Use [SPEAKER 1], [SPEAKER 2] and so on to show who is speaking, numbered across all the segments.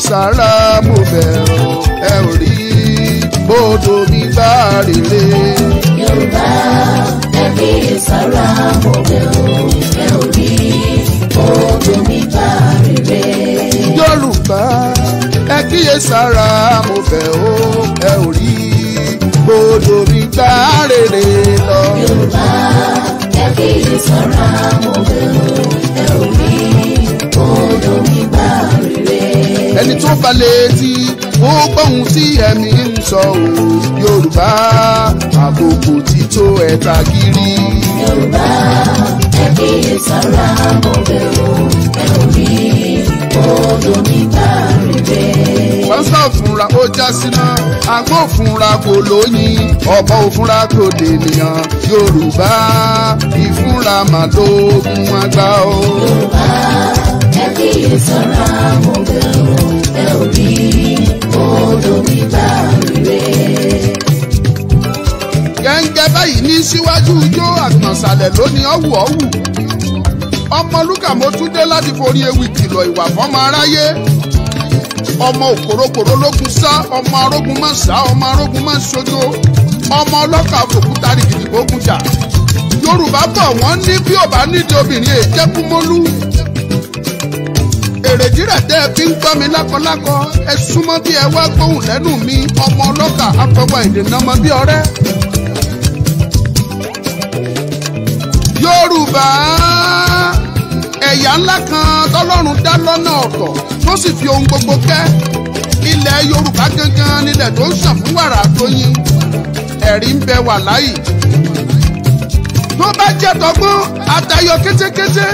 [SPEAKER 1] sára mo bẹ̀rù ẹ ò rí bódò mi bá rèlé. Yorùbá ẹ fi sára mo bẹ̀rù ẹ ò rí bódò mi bá rèlé. Yorùbá ẹ kíyè sára mo bẹ̀ ó ẹ ò rí bódò mi bá rèlé lọ. Yorùbá ẹ kíyè mo bẹ̀ ó ẹ ò rí ẹni tó balẹ̀ etí ó gbóhùn sí ẹ̀mí ń sọ òun Yorùbá àkókò ti tó ẹ̀ta kiri. Yorùbá ẹbí ìtara ọbẹ̀ o ẹ ò rí odò nígbà rèé pásítọ̀ fúnra ó já síná agbó fúnra kò lóyin ọ̀bọ òfúnra kò dènìyàn Yorùbá ìfúnra mà lóògùn àgbà o. Yorùbá ẹ kí ìsọ̀rọ̀ yìí odò gbígbà rèé. gẹ́ngẹ́ báyìí ní síwájú ijó àgbọ̀nsalẹ̀ lónìí ọ̀wù ọ̀wù ọmọlúkà mo tún dé láti forí ewì kìlọ̀ ìwà fọ́mọ aráyé ọmọ òkòrókòró lókun sá ọmọ arógun má sá ọmọ arógun má sojo ọmọ ọlọ́kà fòkúta rìgìdì gbógun jà yorùbá bọ̀ wọ́n ní bí ò nídìí obìnrin èjẹ́kú mólú èrèdí rẹ̀ tẹ́ ẹ fi ń gbọ́ mi lákọlákọ ẹ súnmọ́ bí ẹ wá gbóhùn lẹ́nu mi ọmọ ọlọ́kà apẹ̀wà ìdènà ọmọ bí ọ̀rẹ́. yorùbá ẹ̀yà ńlá kan tọ́lọ́run dá lọ́nà ọ̀tọ̀ tó sì fi ohun gbogbo kẹ́ ilẹ̀ yorùbá gangan nílẹ̀ tó ń sàn fún wàrà àtọyìn ẹ̀rí ń bẹ wà láyìí tó bá jẹ́ tọgbọ́n àtayọ kétékété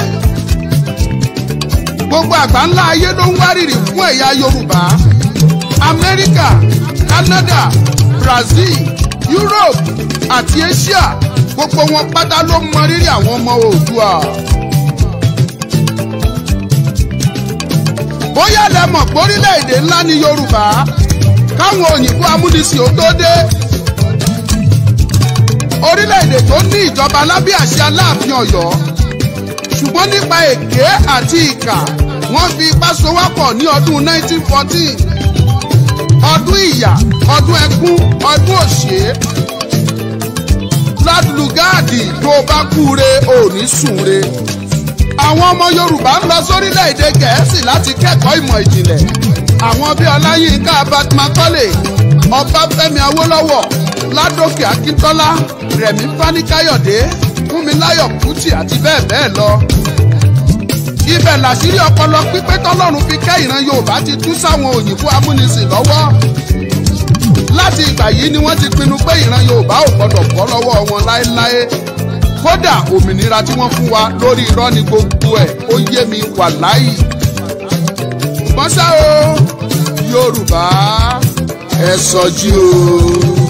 [SPEAKER 1] gbogbo àgbáńlá ayé ló ń wárìrì fún ẹ̀yà yorùbá amẹ́ríkà canada brazil europe àti asia gbogbo wọn pátá ló mọ rírì àwọn ọmọ oòdùà. bóyá lẹ mọ̀ pé orílẹ̀-èdè ńlá ni yorùbá káwọn òyìnbó amúnisìn ó tó dé orílẹ̀-èdè tó ní ìjọba lábẹ́ àṣẹ aláàfin ọ̀yọ́ ṣùgbọ́n nípa èké àti ìkà wọ́n fi ipá sowọ́pọ̀ ní ọdún 1914 ọdún ìyà ọdún ẹkún ọdún òṣè Lord Lugard tó bá kúre ò ní súre àwọn ọmọ Yorùbá ń lọ sórílẹ̀‐èdè Gẹ̀ẹ́sì láti kẹ́kọ̀ọ́ ìmọ̀ ìjìnlẹ̀ àwọn bíi Ọláyínká Batmacaulay Ọbáfẹ́mi Awólọ́wọ̀ Ládòkè Akíntọ́lá Rẹ̀mí Fáníkáyọ̀dé Fúnmiláyọ̀ Kútì àti bẹ́ẹ̀ bẹ́ẹ̀ lọ. ibẹ̀ làṣírí ọpọlọ pípé tọ́lọ́run fi kẹ́ ìran Yorùbá ti tú sáwọn òyìnbó amúnisìn lọ́wọ́. láti ìgbà yìí ni wọ́n ti pinnu pé ìran Yorùbá ò gbọ́dọ̀ bọ́ lọ́wọ́ wọn láéláé. kódà òmìnira tí wọ́n fún wa lórí irọ́ ni gbogbo ẹ̀ ó yé mi wàláì. ṣùgbọ́n ṣá o Yorùbá ẹ sọjí o.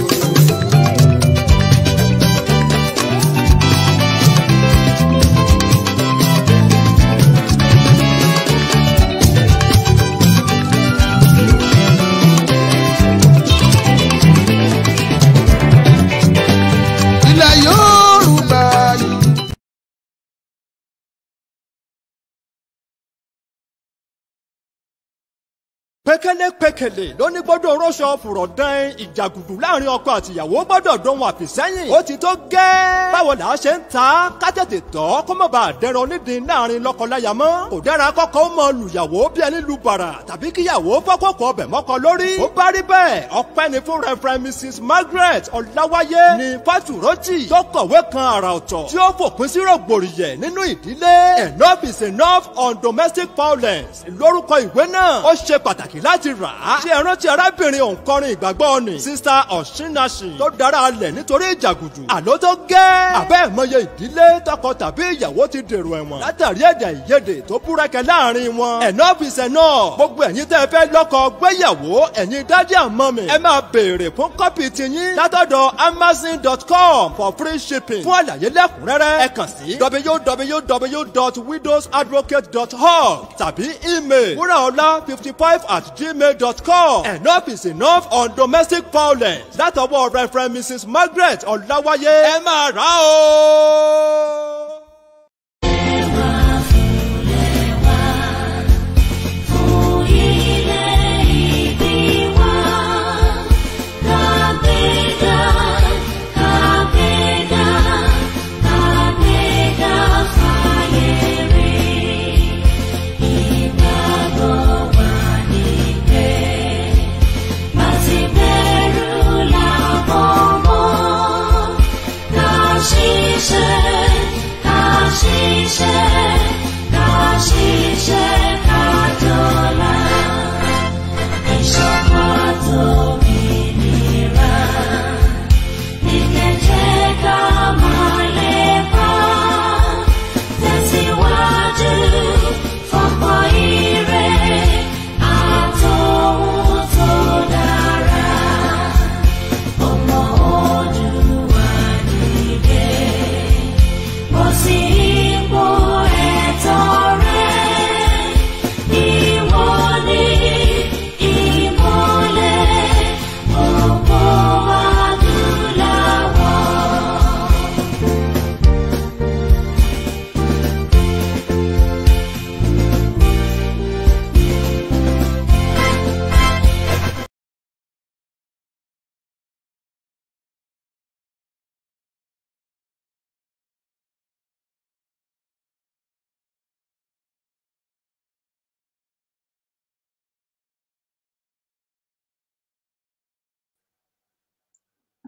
[SPEAKER 1] pẹ́kẹ́lẹ́pẹ́kẹ́lẹ́
[SPEAKER 2] ló ní gbọ́dọ̀ rọ́ṣọ fùrọ̀ dán ìjàgùdù láàrin ọkọ àtìyàwó gbọ́dọ̀ dán wọn àfìsẹ́yìn ó ti tó gẹ́. báwo là á ṣe ń ta ká tètè tọ́ kó má bàa dẹran nídìí láàrin lọ́kọláya mọ́. kò dára kọ́kọ́ ó mọ lùyàwó bí ẹni lu bàrà tàbí kíyàwó fọ́kọ̀kọ̀ ọbẹ̀ mọ́kọ lórí. ó bá rí bẹ́ẹ̀ ọpẹ́ ni fún Reverend Mrs Margaret Ọláwáyé ni Fátúrọ́jì tó kọ̀wé kan àrà ọ̀tọ̀ tí ó fòpin sí rògbòrìyẹ nínú ìdílé enough is enough on domestic violence lórúkọ ìwé náà ó ṣe pàtàkì lá láti rà á. ṣé ẹ rántí arábìnrin òǹkọrin ìgbàgbọ́ ni sista ọ̀ṣínnàṣì tó dára alẹ̀ nítorí ìjàgùdù àló tó gẹ́. àbẹ́ ìmọye ìdílé tọkọ tàbí ìyàwó ti dèrò ẹ̀wọ̀n látàrí èdè ìyedè tó búrẹ́kẹ́ láàrin wọn. enough is enough gbogbo ẹ̀yin tẹ́ ẹ fẹ́ lọ́kọ gbéyàwó ẹ̀yin dájú àmọ́ mi ẹ máa béèrè fún kọ́pì tiyín látọ̀dọ̀ amazon.com for free shipping fún àlàyé lẹ́kùnrẹ́rẹ́ ẹ kàn sí www.widowsadvocate.org tàbí email wúràọlá fifty five at g gmail.com. enough is enough on domestic violence. látọwọ́ reverend mrs margaret ọ̀làwáyé ẹ máa rà ó.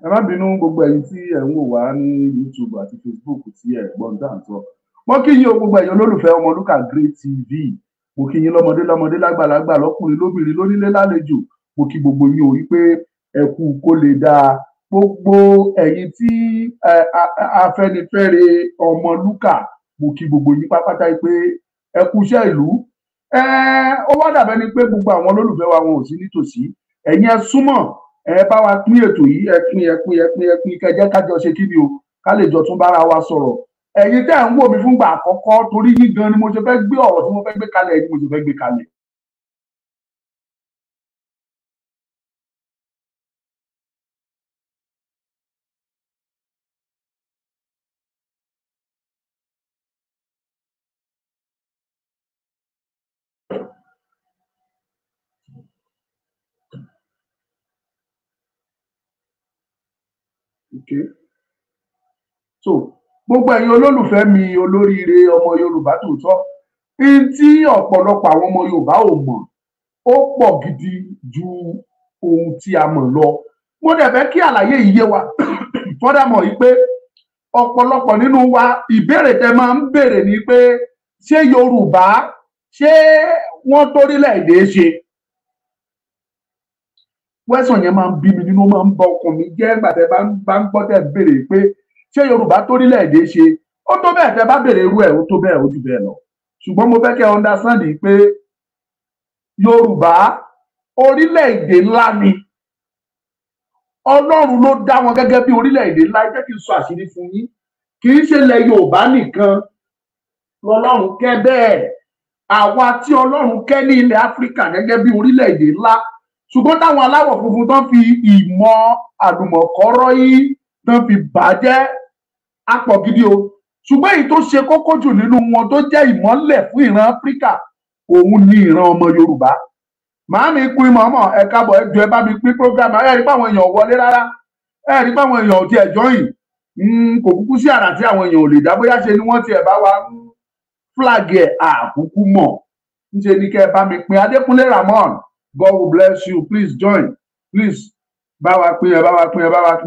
[SPEAKER 1] ẹ má bínú gbogbo ẹ̀yin tí ẹ ń wò wá ní youtube àti facebook tí ẹ gbọ́n dáńtọ́ mo kí yín o gbogbo ẹ̀yin olólùfẹ́ ọmọlúkà grey tv mo kí yín lọ́mọdé lọ́mọdé lágbàlagbà lọ́kùnrin lóbìnrin lónílé lálejò mo kí gbogbo yín o rí pé ẹ kú kó lè dáa gbogbo ẹ̀yin tí afẹ́nifẹ́re ọmọlúkà mo kí gbogbo yín pápátá pé ẹ kú iṣẹ́ ìlú ó wá dàbẹ́ ni pé gbogbo àwọn olólùfẹ́ wa wọn ò sí nítòsí ẹ̀yin ẹ súnmọ́ ẹ bá wa pín ètò yìí ẹ pín ẹ pín ẹ pín ẹ pín kẹjẹ kájọ ṣe kí ni o ká lè jọ tún bára wa sọ̀rọ̀ ẹ̀yin tẹ́ ń wò mí fúngbà àkọ́kọ́ torí yín gan ni mo ṣe fẹ́ gbé ọ̀rọ̀ tí mo fẹ́ gbé kalẹ̀ ni mo ṣe fẹ́ gbé kalẹ̀ Okay. So gbogbo ẹ̀yin olólùfẹ́ mi olóríire ọmọ Yorùbá tòótọ́ n tí ọ̀pọ̀lọpọ̀ àwọn ọmọ Yorùbá ò mọ̀ ó pọ̀ gidi ju ohun tí a mọ̀ lọ mo dẹ̀ fẹ́ kí àlàyé yìí yé wa fọ́dàmọ̀ yìí pé ọ̀pọ̀lọpọ̀ nínú wa ìbéèrè tẹ máa ń béèrè ni pé ṣé Yorùbá ṣé wọ́n torílẹ̀-èdè ṣe wẹ́sàn yẹn máa ń bí mi nínú máa ń bọ ọkàn mi jẹ́ nígbà tẹ́ bá ń gbọ́ tẹ́ béèrè pé ṣé yorùbá torílẹ̀-èdè ṣe ó tó bẹ́ẹ̀ tẹ́ bá béèrè irú ẹ̀ ó tó bẹ́ẹ̀ ó jù bẹ́ẹ̀ lọ ṣùgbọ́n mo fẹ́ kẹ́ understand pé yorùbá orílẹ̀-èdè ńlá ni ọlọ́run ló dá wọn gẹ́gẹ́ bí orílẹ̀-èdè ńlá jẹ́ kí n sọ àṣírí fún yín kì í ṣe ilẹ̀ yorùbá nìkan lọ́lọ́run kẹ́ bẹ́ẹ̀ àwa tí ọlọ́run kẹ́ ní ilẹ̀ áfíríkà gẹ́gẹ́ bí orílẹ̀-èdè ńlá ṣùgbọ́n táwọn aláwọ̀ funfun tán fi ìmọ̀ àlùmọ̀kọ́rọ́ yìí tán fi bàjẹ́ apọ̀ gidi o ṣùgbọ́n èyí tó ṣe kókó jù nínú wọn tó jẹ́ ìmọ́lẹ̀ fún ìran áfíríkà òun ni ìran ọmọ yorùbá màámi pin mọ̀ọ́mọ̀ ẹ káàbọ̀ ẹjọ́ ẹ bá mi pín programme ẹ rí báwọn èèyàn wọlé rárá ẹ rí báwọn èèyàn ò tiẹ̀ jọyìn hmm, kò kúkú sí àrà tí àwọn èèyàn ò lè dá bóyá ṣe ni wọ́n tiẹ̀ bá wa flag ẹ̀ àkúkú mọ̀ ńṣe ni kẹ́ ẹ bá mi pín adékúnlé ramon God will bless you. Please join. Please. Bá wa pín ẹ, bá wa pín ẹ, bá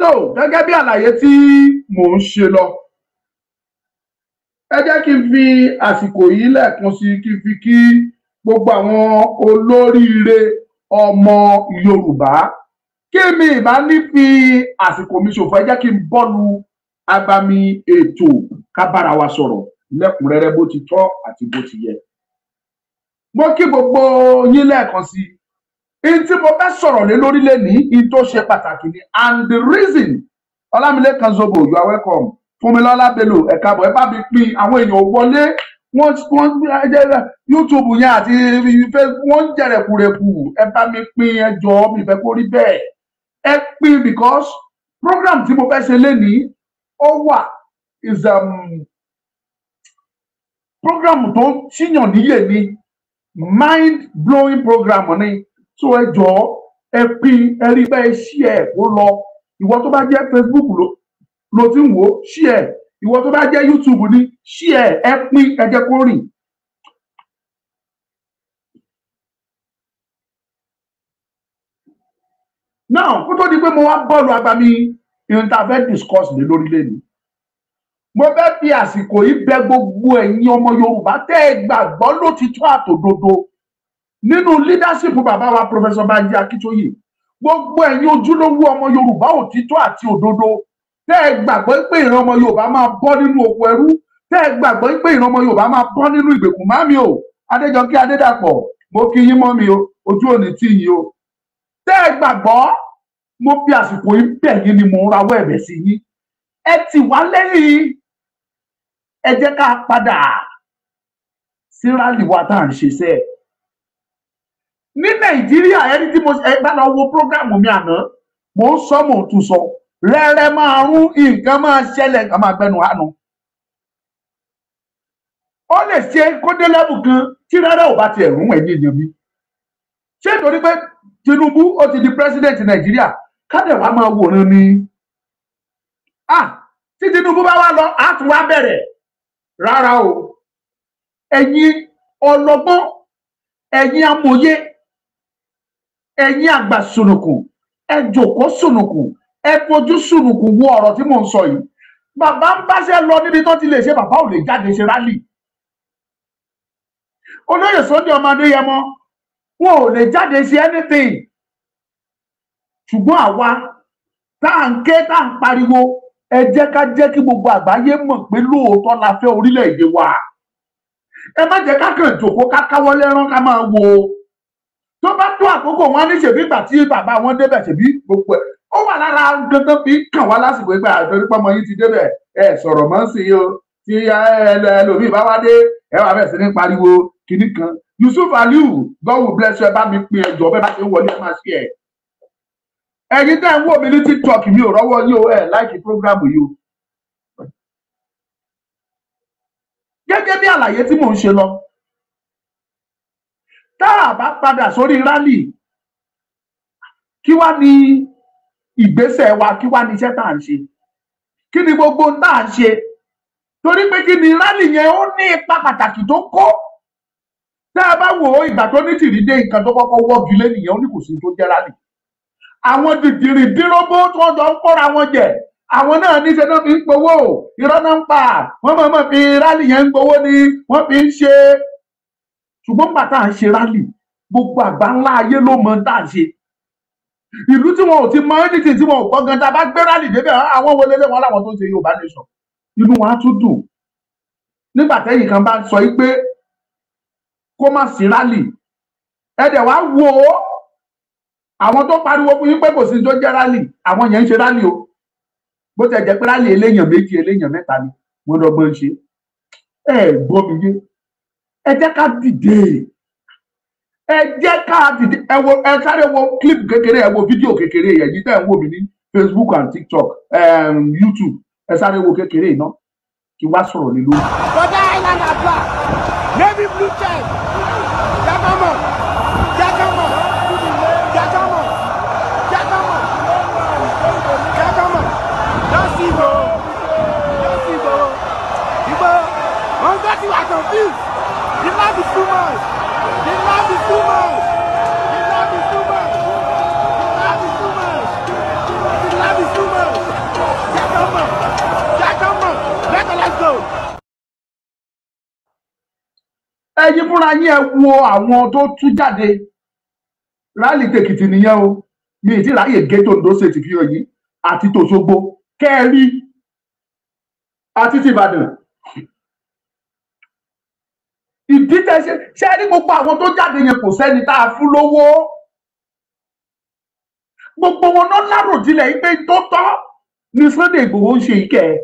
[SPEAKER 1] No, gẹ́gẹ́ bí àlàyé tí mò ń ṣe lọ. Ẹ jẹ́ kí n fi àsìkò yìí lẹ́ẹ̀kan sí kí n fi kí gbogbo àwọn olóríire ọmọ Yorùbá. Kí mi ìbá ní fi àsìkò mi ṣòfò ẹ jẹ́ kí n bọ́lu abami ètò kábára wa sọ̀rọ̀ lẹ́kùnrẹ́rẹ́ bó ti tọ́ àti bó ti yẹ. mo kí gbogbo yín lẹ́ẹ̀kan sí i tí mo fẹ́ sọ̀rọ̀ lé lórí lẹ́ni in tó ṣe pàtàkì ni and the reason ọlámilẹ́kan zobo you are welcome fúnmilọ́lá bello ẹ̀ka bọ̀ ẹ bá mi pín àwọn èèyàn wọlé wọ́n wọ́n jẹ́ youtube yẹn àti wọ́n ń jẹ̀rẹ̀kùrẹ̀kù ẹ bá mi pín ẹ jọ̀ọ́ mi fẹ́ kó rí bẹ́ẹ̀ ẹ pín because program tí mo fẹ́ ṣe lénìí ó wà is um, program tó ń tíyàn níyè ni mind blowing program ni tó ẹ jọ ẹ pín ẹ rí bẹ́ẹ̀ ṣí ẹ kó lọ ìwọ tó bá jẹ́ Facebook ló ló ti ń wò ó ṣí ẹ ìwọ tó bá jẹ́ YouTube ni ṣí ẹ ẹ pín ẹ jẹ́ kó rìn. now kó tó di pé mo wá bọ́ọ̀lù abami ìhun tá a fẹ́ discuss lé lórílẹ̀ ni mo fẹ́ fi àsìkò yìí bẹ̀ gbogbo ẹ̀yin ọmọ Yorùbá tẹ́ ẹ gbàgbọ́ lótìtọ́ àtòdodo nínú leadership bàbá wa Professor Banji Akitoye gbogbo ẹ̀yin ojúlówó ọmọ Yorùbá òtítọ́ àti òdodo tẹ́ ẹ gbàgbọ́ pé ìran ọmọ Yorùbá máa bọ́ nínú oko ẹrú tẹ́ ẹ gbàgbọ́ pé ìran ọmọ Yorùbá máa bọ́ nínú ìgbèkùn mami o Adéjọkẹ́ Adédàpọ̀ mo kí yín mọ́ mi o ojú òní tí yìí o tẹ́ ẹ gbàgbọ́ mo fi àsìkò yìí bẹ̀ yín ni mo ń rawọ́ ẹ̀bẹ̀ sí yín ẹ tì wá lẹ́yìn ẹ jẹ́ ká padà sí rálì wa tá à ń ṣe sẹ́ẹ̀ ní nàìjíríà ẹni tí mo ẹ bá lọ wo prógrámù mi àná mo ń sọ mo tún sọ rẹrẹ máa rún nǹkan máa ṣẹlẹ̀ nǹkan máa gbẹnu àánú ó lè ṣe kódé lẹ́bù kan tí rẹrẹ ò bá tiẹ̀ rún ẹ̀yìn èèyàn mi ṣé torí pé Tinubu ó ti di president nàìjíríà kádẹ wàá máa wòran ni ah tí Tinubu bá wá lọ á tún wá bẹ̀rẹ̀ rárá o ẹ̀yin ọlọ́gbọ́n ẹ̀yin amòye ẹ̀yin àgbà sùnùkù ẹ jòkó sùnùkù ẹ fojú sùnùkù wo ọ̀rọ̀ tí mò ń sọ yìí bàbá ń báṣẹ́ lọ níbi tó ti lè ṣe bàbá ò lè jáde ṣe rálì olóyè Sunday ọmọ Adéyẹmọ wọn ò lè jáde ṣe anything ṣùgbọ́n àwa tá à ń ké tá à ń pariwo ẹ jẹ́ ká jẹ́ kí gbogbo àgbáyé mọ̀ pé lóòótọ́ la fẹ́ orílẹ̀-èdè wa ẹ má jẹ́ ká kàn jòkó ká káwọ́ lẹ́rán ká máa wo tó bá tó àkókò wọn ní ṣèbí ìgbà tí bàbá wọn débẹ̀ ṣèbí gbogbo ẹ̀ ó wà lára dandan fi kàn wá lásìkò ìgbà àtọ́jú pọ́nmọ yín ti débẹ̀ ẹ sọ̀rọ̀ mọ́ sí i o tí ẹlòmíì bá wá dé ẹ wà bẹ̀ sí ní pariwo kinní kan Yusuf Aliu God will bless you ẹ bá mi pin ẹjọ́ bẹ́ẹ̀ bá ṣe ń wọlé ẹ máa ṣe ẹ̀ ẹ̀yin tẹ́ ń wò mí ní tiktok mi ò rọ́wọ́ yín o ẹ̀ láìkí prógrámù yìí o. gẹ́gẹ́ bí àlàyé tí mò ń ṣe lọ tá a bá padà sórí rálì kí wá ní ìgbésẹ̀ wa kí wá ní iṣẹ́ tá à ń ṣe kí ni gbogbo tá à ń ṣe torí pé kí ni rálì yẹn ó ní ipa pàtàkì tó kó tá a bá wò ó ìgbà tó ní tìrí dé nǹkan tó kọ́kọ́ wọ́gi lé nìyẹn ó ní kò sí tó jẹ́ rálì àwọn dìdìrì dírógbó tí wọ́n jọ ń kóra wọn jẹ àwọn náà níṣẹ́ náà fi ń gbowó irọ́ náà ń pa wọ́n mọ̀ mọ̀ fi rálì yẹn ń gbowó ni wọ́n fi ń ṣe ṣùgbọ́n nígbà tá à ń ṣe rálì gbogbo àgbà ńlá ayé ló mọ tá à ń ṣe ìlú tí wọn ò ti mọ anything tí wọn ò gbọ́ngàn tá a bá gbé rálì débẹ̀ àwọn wọlé lé wọn láwọn tó ń ṣe Yorùbá nation inú wọn á tún dùn nígbà tẹ́yìn kan bá sọ yìí pé kó má sí rálì ẹ dẹ̀ wá wò ó àwọn tó pariwo fún yín pé kò sí tó jẹ́ rálì àwọn yẹn ń ṣe rálì o bó tẹ̀ jẹ́ pé rálì eléyàn méjì eléyàn mẹ́ta ni wọ́n lọ́gbọ́n ṣe ẹ gbọ́ mi yé ẹ jẹ́ ká dìde ẹ jẹ́ ká dìde ẹ wo ẹ sáré wo clip kékeré ẹ wo fídíò kékeré yẹn yìí tẹ̀ ń wò mí ní Facebook and TikTok um, YouTube ẹ sáré wo kékeré iná kí wá sọ̀rọ̀ lé lórí. bọ́dá island abba navy blue time.
[SPEAKER 2] you are confused. The love is too much. The love is too much. The love is too much. The love is too much.
[SPEAKER 3] The love is too much. Yeah, come on. Yeah, come on.
[SPEAKER 1] let's go. ẹ̀yin fúnra yín ẹ wo àwọn tó tú jáde rálì tèkìtì nìyẹn o mi ì tí ráyè gẹ́tò Ondo State fi hàn yín àti tòṣogbo kẹ́ẹ̀rí àti tìbàdàn ìdí tẹ ṣe ṣe rí gbogbo àwọn tó jáde yẹn kò sẹ́ni tá a fún lówó gbogbo wọn náà láròjinlẹ̀ yìí pé tó tọ́ ni Sunday Igboho ń ṣe ìkẹ́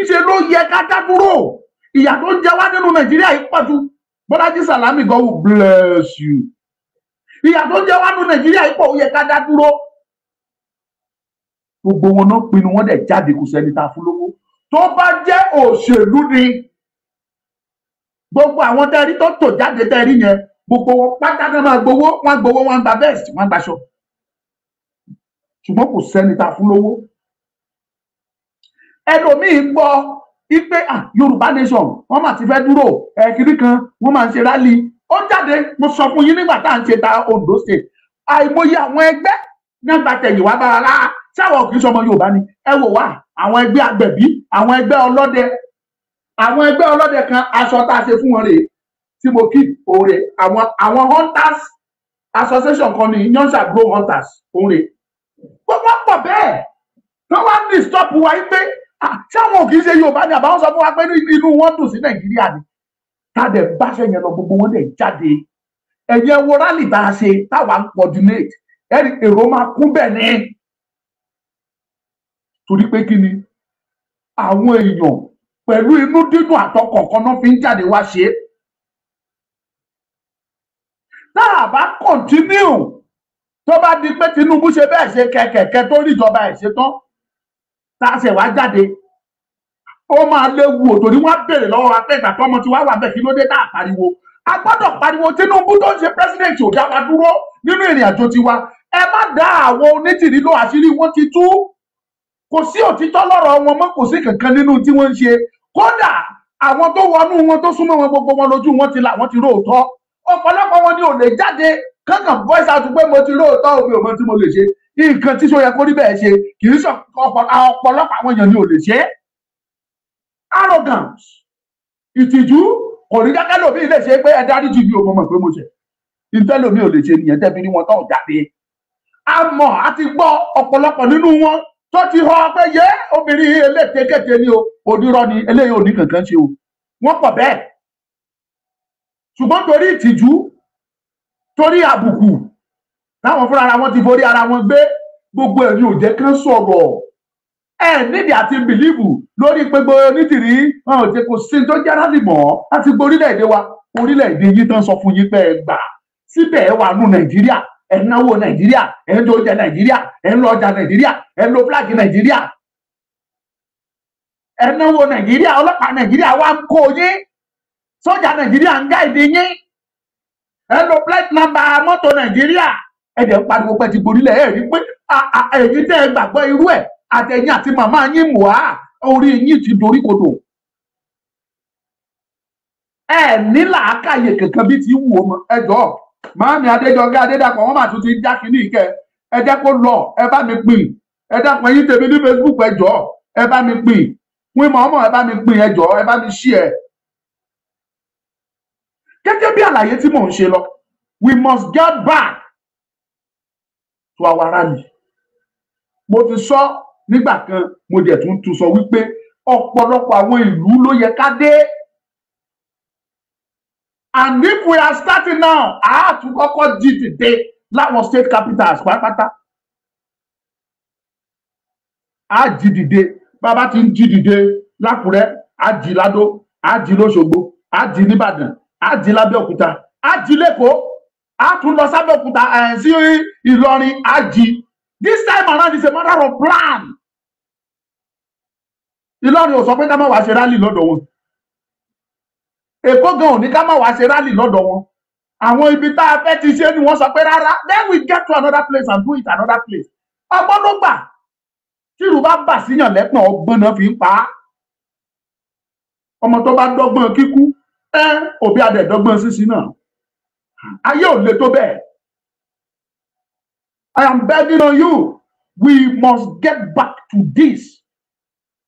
[SPEAKER 1] ńṣe ló yẹ ká dá dúró ìyà tó ń jẹ wá nínú Nàìjíríà yìí pọ̀ jù Bọ́lájí Sàlámì God will bless you ìyà tó ń jẹ wá nínú Nàìjíríà yìí pọ̀ ó yẹ ká dá dúró gbogbo wọn náà pinnu wọn dẹ̀ jáde kò sẹ́ni tá a fún lówó tó bá jẹ́ òṣèlú ni gbogbo àwọn tẹ́rí tó tò jáde tẹ́rí yẹn gbogbo wọn pátá náà máa gbowó wọn gbowó wọn gba best wọn gbaṣọ ṣùgbọ́n kò sẹ́ni ta fún lówó ẹlòmíì gbọ́ ipe yorùbá nation wọn mà ti fẹ́ dúró ẹ̀kiri kan wọn máa ń ṣe rálì ó jáde mo sọ fún yín nígbà tá à ń ṣe ta ondo state àìmọye àwọn ẹgbẹ́ náà gbàtẹ̀yìn wá bára rárá sáwọn kì í sọmọ yorùbá ni ẹ wò wá àwọn ẹgbẹ́ agbẹ̀bí àwọn ẹgbẹ́ ọlọ́dẹ àwọn ẹgbẹ́ ọlọ́dẹ kan aṣọ tá a ṣe fún wọn rèé tí mo kí òun àwọn àwọn hunters association kan ní yonsa grow hunters òun rèé gbogbo pọ̀ bẹ́ẹ̀ tó wá ní stop wa yí pé ṣé àwọn ò kì í ṣe Yorùbá ni àbáwọn sọ fún wa pé inú wọn dùn sí Nàìjíríà ni tàdé báṣẹ yẹn lọ gbogbo wọn dẹ̀ jáde ẹ̀yẹ wo rálì bá a ṣe táwa ń coordinate ẹ̀rí èrò máa kún bẹ́ẹ̀ ni torí pé kí ni àwọn èèyàn pẹ̀lú inú dídùn àtọkọ̀ọ̀kan náà fi ń jáde wá ṣe é tá a bá kọ̀ntínú tó bá di pé Tinubu ṣe bẹ́ẹ̀ ṣe kẹ̀kẹ̀kẹ́ tó rí ìjọba ẹ̀ ṣe tán tá a ṣẹ̀ wá jáde ó máa léwu ò torí wọ́n á béèrè lọ́wọ́ akẹ́gbà tọmọ tí wàá wà bẹ́ẹ̀ kí ló dé tá a pariwo a gbọ́dọ̀ pariwo Tinubu tó ń ṣe president ò dá wa dúró nínú ìrìn àjò tiwa ẹ má dá àwọn onítìrí lọ àṣírí wọn ti tú kò sí òtítọ́ lọ́rọ̀ wọn mọ́ kò sí kankan nínú tí wọ́n ń ṣe kódà àwọn tó wọnú wọn tó súnmọ́ wọn gbogbo wọn lójú wọn ti là wọn ti róòtọ́ ọ̀pọ̀lọpọ̀ wọn ni ò lè jáde kankan voice out pé mo ti róòtọ́ òbí òmọ tí mo lè ṣe nǹkan tí sóyẹ kó rí bẹ́ẹ̀ ṣe kì í sọ ọ̀pọ̀lọpọ̀ àwọn èèyàn ni ò lè ṣe arrogance ìtìjú kò rí dákẹ́ lómi lè ṣe pé ẹ dárí jù bí òun mọ̀ pé mo ṣe ìfẹ́ lómi ò lè ṣe nìyẹn tẹ́bi ní wọn tó ń jáde a mọ̀ a ti gbọ́ ọ̀pọ̀lọpọ̀ nínú wọn tó ti hàn pé yé obìnrin elétekéte ni o onírọ́ ni eléyìí òní kankan ṣe o wọ́n pọ̀ bẹ́ẹ̀ ṣùgbọ́n torí ìtìjú torí àbùkù táwọn fúnra ara wọn ti forí ara wọn gbé gbogbo ẹ̀ ni ò jẹ́ kán sọ̀rọ̀ ẹ nídìí àti bìlíìbù lórí gbogbo onídìrí hàn ò jẹ́ kó sí tó jẹ́ rálì mọ́ láti gbé orílẹ̀-èdè wa orílẹ̀-èdè yìí tán sọ fún yín pé ẹ gbà síbẹ̀ ẹ wà nù nàìjíríà ẹ náwó nàìjíríà ẹ ń lo oúnjẹ nàìjíríà ẹ ń lo ọjà nàìjíríà ẹ ń lo fúlàgì nàìjíríà ẹ náwó nàìjíríà ọlọ́pàá nàìjíríà wá ń kó yín sójà nàìjíríà ń gáìdì yín ẹ ń lo plate number mọ́tò nàìjíríà ẹ dẹ̀ ń pariwo pẹ́ ti gborílẹ̀ ẹ rí pé ẹ̀yin tẹ́ ẹ gbàgbọ́ irú ẹ̀ àtẹ̀yìn àti màmá yín mùá orí yín ti dorí kodò ẹ ní làákàyè kankan bí ti wù ó ẹ jọ máàmì adéjọgá adédàpọ̀ wọ́n mà tún ti já kínní kẹ ẹ jẹ́ kó lọ ẹ bá mi pín ẹ dàpọ̀ yín tèmi ní facebook ẹ jọ ẹ bá mi pín pín mọ̀ọ́mọ̀ ẹ bá mi pín ẹ jọ ẹ bá mi ṣí ẹ. gẹ́gẹ́ bí àlàyé tí mò ń ṣe lọ we must get back to our rally mo ti sọ nígbà kan mo dẹ̀ tún tún sọ wípé ọ̀pọ̀lọpọ̀ àwọn ìlú ló yẹ ká dé and if we are starting now I have to go call láwọn state capitals pátápátá a jí dìde bàbá ti ń jí dìde lákùrẹ́ a jí ládó a jí lọ́ṣogbo a jí nìbàdàn a jí lábẹ́òkúta a jí lẹ́kọ̀ọ́ a tún lọ sábẹ́òkúta eh, this time around is a matter of plan ìlọrin ò sọ pé ká má wàá ṣe rálì lọ́dọ̀ wọn èkó gan ò ní ká má wàá ṣe rálì lọ́dọ̀ wọn àwọn ibi tá a fẹ́ ti ṣe ni wọ́n sọ pé rárá then we get to another place and do it another place ọgbọ́n ló gbà tírù bá bà síyàn lẹ́pọ̀n ọgbọ́n náà fi ń pa á ọmọ tó bá dọ́gbọ́n kíkú ẹ òbí adẹ̀dọ́gbọ́n sísìn náà ayé ò le tó bẹ́ẹ̀ I am begging on you we must get back to this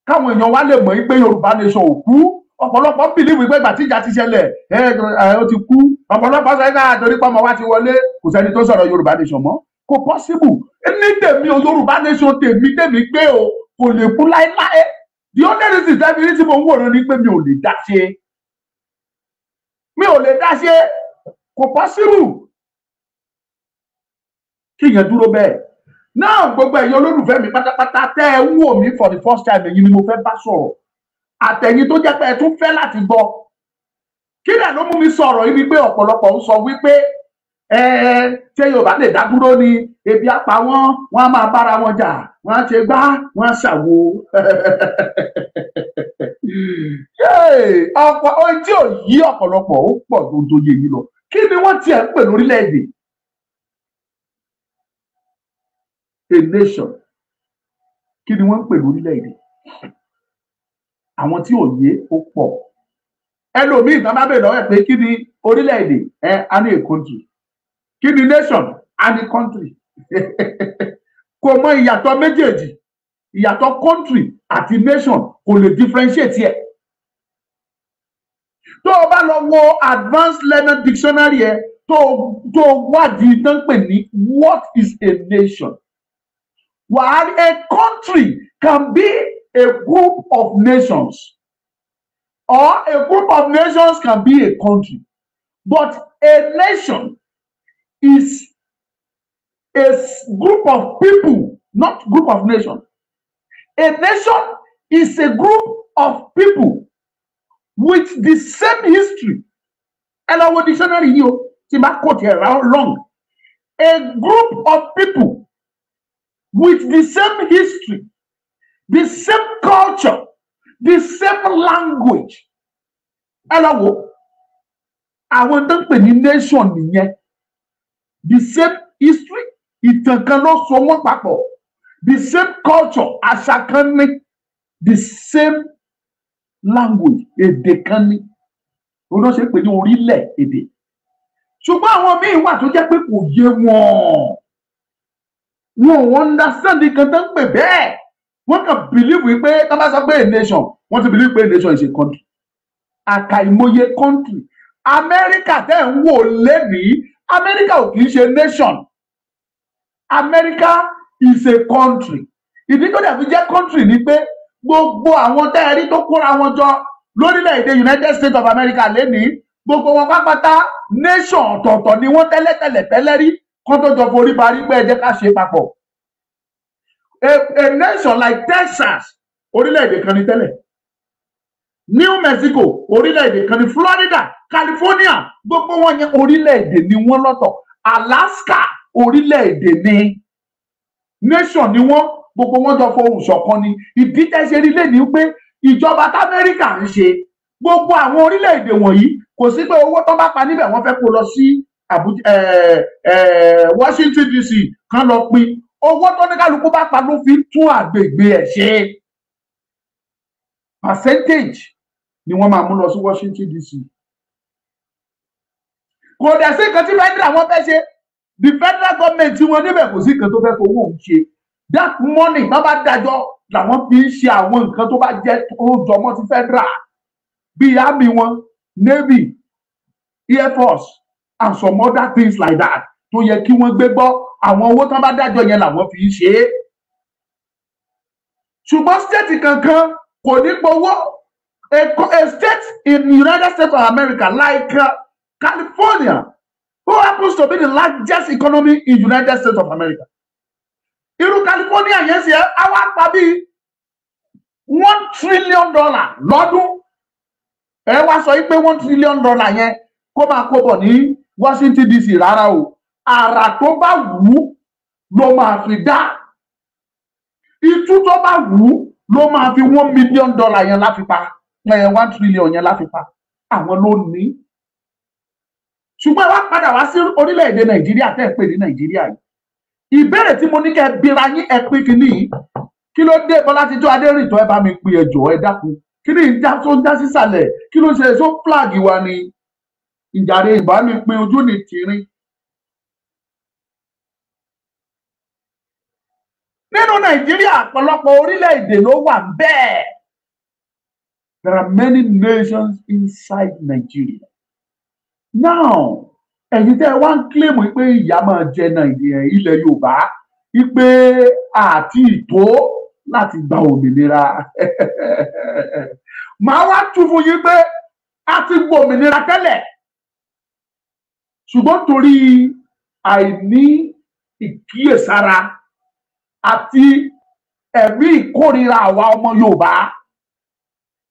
[SPEAKER 1] káwọn èèyàn wa lè mọ̀ pé Yorùbá nation ò kú ọ̀pọ̀lọpọ̀ bìlíwì pé ìgbà tí ìjà ti ṣẹlẹ̀ ẹ ó ti kú ọ̀pọ̀lọpọ̀ sọ ká ah, torí pọ́mọ wá ti wọlé kò sẹ́ni tó sọ̀rọ̀ yorùbá nation mọ́ kò pọ́síbù ní tèmi o yorùbá nation tèmi tèmi gbé o kò lè kú láéláé the only reason tẹ́mi rí tí mo ń wòran ni pé mi ò lè dá ṣe mi ò lè dá ṣe kò pọ́síbù kí yẹn dúró bẹ́ẹ̀ náà gbogbo ẹ̀yin olólùfẹ́ mi pátápátá tẹ́ ẹ ń mí for the first time ẹ̀yin ni mo fẹ́ bá sọ̀rọ̀ àtẹ̀yìn tó jẹ́ pé ẹ tún fẹ́ láti gbọ́ kí dẹ̀ ló mú mi sọ̀rọ̀ ibi pé ọ̀pọ̀lọpọ̀ ń sọ wípé ẹ ṣé Yorùbá lè dá dúró ni ebi á pa wọ́n wọ́n á máa bára wọn jà wọ́n á ṣe gbá wọ́n á ṣàwo ọ̀pọ̀ ohun tí ò yí ọ̀pọ̀lọpọ̀ ó pọ̀ dodo yé yìí lọ kí ni wọ́n tiẹ̀ ń pè lórílẹ̀-èdè a nation kí ni wọ́n ń pè lórílẹ̀-èdè àwọn tí ò yé ó pọ̀ ẹlòmíì tá a bá bèèrè lọ́wọ́ ẹ̀ pé kí ni orílẹ̀-èdè ẹ a a country kí ni nation a ní country kò mọ ìyàtọ̀ méjèèjì ìyàtọ̀ country àti nation kò lè differentiate yẹ tó o bá lọ wo advanced learner dictionary ẹ tó tó wádìí dán pè ní what is a nation While a country can be a group of nations or a group of nations can be a country but a nation is a group of people not group of nations a nation is a group of people with the same history ẹ lọ dictionary yìí o tí quote here, tẹ̀ wrong a group of people with the same history the same culture the same language ẹ lọ wò àwọn tó ń pè ní nation nìyẹn the same history ìtàn kan ló so wọn papọ̀ the same culture àṣà kan ní the same language èdè kan ní olóṣèlú pè ní orílẹ̀ èdè ṣùgbọ́n àwọn míì wà tó jẹ́ pé kò yé wọn wọn ò understand nǹkan tó ń pè bẹ́ẹ̀ wọ́n kàn believe wípé tá bá sọ pé a nation wọ́n ti believe pé a nation is a country àkàìmọye country amẹ́ríkà tẹ́ ń wò lẹ́nìí amẹ́ríkà ò kì í ṣe nation amẹ́ríkà is a country ìdí tó dàbí jẹ́ country ni pé gbogbo àwọn tẹ́ ẹ rí tó kóra wọn jọ lórílẹ̀‐èdè united states of america lẹ́nìí gbogbo wọn pápátá nation ọ̀tọ̀ọ̀tọ̀ ni wọ́n tẹ́lẹ̀tẹ́lẹ̀ tẹ́lẹ̀ rí kó tó jọ forí parí pé ẹ jẹ́ ká ṣe papọ̀ a, nation like Texas orílẹ̀-èdè kan ní tẹ́lẹ̀ New Mexico orílẹ̀-èdè kan ní Florida California gbogbo wọn yẹn orílẹ̀-èdè ni wọ́n lọ́tọ̀ Alaska orílẹ̀-èdè ni nation ni wọ́n gbogbo wọn jọ fohùn ṣọ̀kan ni ìdí tẹ́sẹ̀ rí lẹ́ni pé ìjọba t'Amẹ́ríkà ń ṣe gbogbo àwọn orílẹ̀-èdè wọ̀nyí kò sí pé owó tó bá pa níbẹ̀ wọ́n fẹ́ kó lọ sí eh, eh, Washington DC kan lọ pin owó tó ní kálukú bá pa ló fi ń tún àgbègbè ẹ̀ ṣe percentage ni wọ́n máa mú lọ sí Washington DC kò dẹ̀ sí nǹkan tí federal wọn fẹ́ ṣe the federal government tí wọ́n níbẹ̀ kò sí nǹkan tó fẹ́ fowó òun ṣe that money tó bá dájọ́ làwọn fi ń ṣe àwọn nǹkan tó bá jẹ́ tó jọmọ́ ti federal bíi army wọn navy air force and some other things like that tó yẹ kí wọ́n gbé gbọ́ àwọn owó tán bá dájọ́ yẹn làwọn fi ṣe é ṣùgbọ́n stéètì kankan kò ní powó a state in the United States of America like uh, California who happens to be the largest economy in United States of America irú California yẹn sì ẹ àwọn apá bíi one trillion dollar lọ́dún ẹ wá sọ pé one trillion dollar yẹn kó máa kó bọ̀ ní Washington DC rárá o Ara tó bá wù ú ló máa fi dá itú tó bá wù ú ló máa fi one million dollar yẹn láfi pa eh, one trillion yẹn láfi pa àwọn ló ní ṣùgbọ́n wá padà wá sí orílẹ̀-èdè nàìjíríà tẹ́ ẹ̀ pè ní nàìjíríà yìí ìbéèrè tí mo ní kẹ́ ẹ bira yín ẹ pín kínní yìí kí ló dé bọ́látijọ́ adérìntọ́ ẹ bá mi pin ẹjọ́ ẹ dákun kí ni ìjà tó ń já sísàlẹ̀ kí ló ṣe èso flag wa ni ìjà rẹ̀ ìbá pin ojú ní tìrín nínú nàìjíríà ọ̀pọ̀lọpọ̀ orílẹ̀-èdè ló wà bẹ́ẹ̀ there are many nations inside Nigeria now ẹ̀yin tẹ́ ẹ wá ń kílèmù pé ìyá máa jẹ nàìjíríà ilẹ̀ yorùbá wípé àti ìtó láti gba òmìnira màá wá tú fún yín pé a ti gba òmìnira tẹ́lẹ̀ ṣùgbọ́n torí àìní ìkíyèsára àti ẹ̀mí ìkórira àwa ọmọ Yorùbá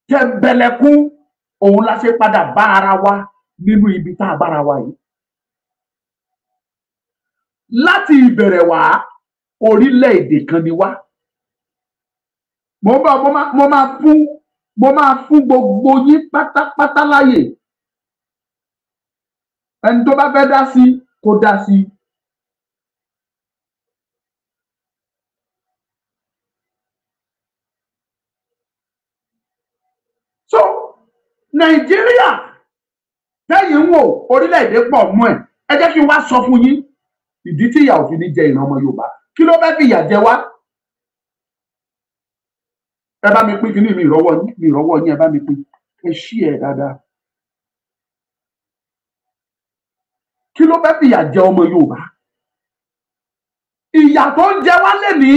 [SPEAKER 1] tẹ̀mbẹ̀lẹ̀kún òun la ṣe padà bá ara wa nínú ibi tá a bára wa yìí láti ìbẹ̀rẹ̀ wá orílẹ̀-èdè kan ni wá mo bá mo máa fún mo máa fún gbogbo yín pátápátá láyè ẹni tó bá fẹ́ dá sí kó dá sí i nàìjíríà tẹ́yìn ń wò orílẹ̀-èdè pọ̀ mú ẹ̀ ẹ jẹ́ kí n wá sọ fún yín ìdí tí ìyà òfin ní jẹ ìran ọmọ yorùbá kí ló fẹ́ fi ìyà jẹ wá ẹ bá mi pín kí ní mi ìrọwọ́ yín mi ìrọwọ́ yín ẹ bá mi pín ẹ ṣí ẹ dáadáa kí ló fẹ́ fi ìyà jẹ ọmọ yorùbá ìyà tó ń jẹ wá lẹ́nìí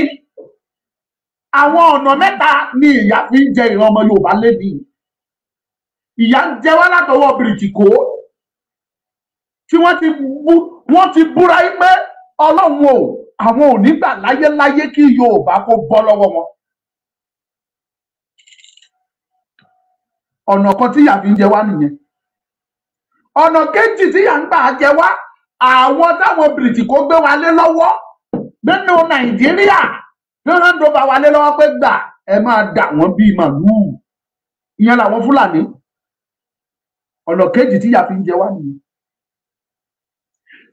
[SPEAKER 1] àwọn ọ̀nà mẹ́ta ni ìyà fi ń jẹ ìran ọmọ yorùbá lẹ́nìí ìyá ń jẹ wá látọwọ́ bìrìtìkó tí wọ́n ti bú wọ́n ti búra yí pé ọlọ́run o àwọn ò ní gbà láyéláyé kí yorùbá kó bọ́ lọ́wọ́ wọn. ọ̀nà kan tíyà fi ń jẹ wá nìyẹn ọ̀nà kejì tíyà ń gbà jẹ wá àwọn táwọn bìrìtìkó gbé wa lé lọ́wọ́ nínú nàìjíríà ní hand over wa lé lọ́wọ́ pé gbà ẹ máa dà wọ́n bíi màlúù ìyẹn làwọn fúlàní ọ̀nà kejì tí ìyà fi ń jẹ wá nìyẹn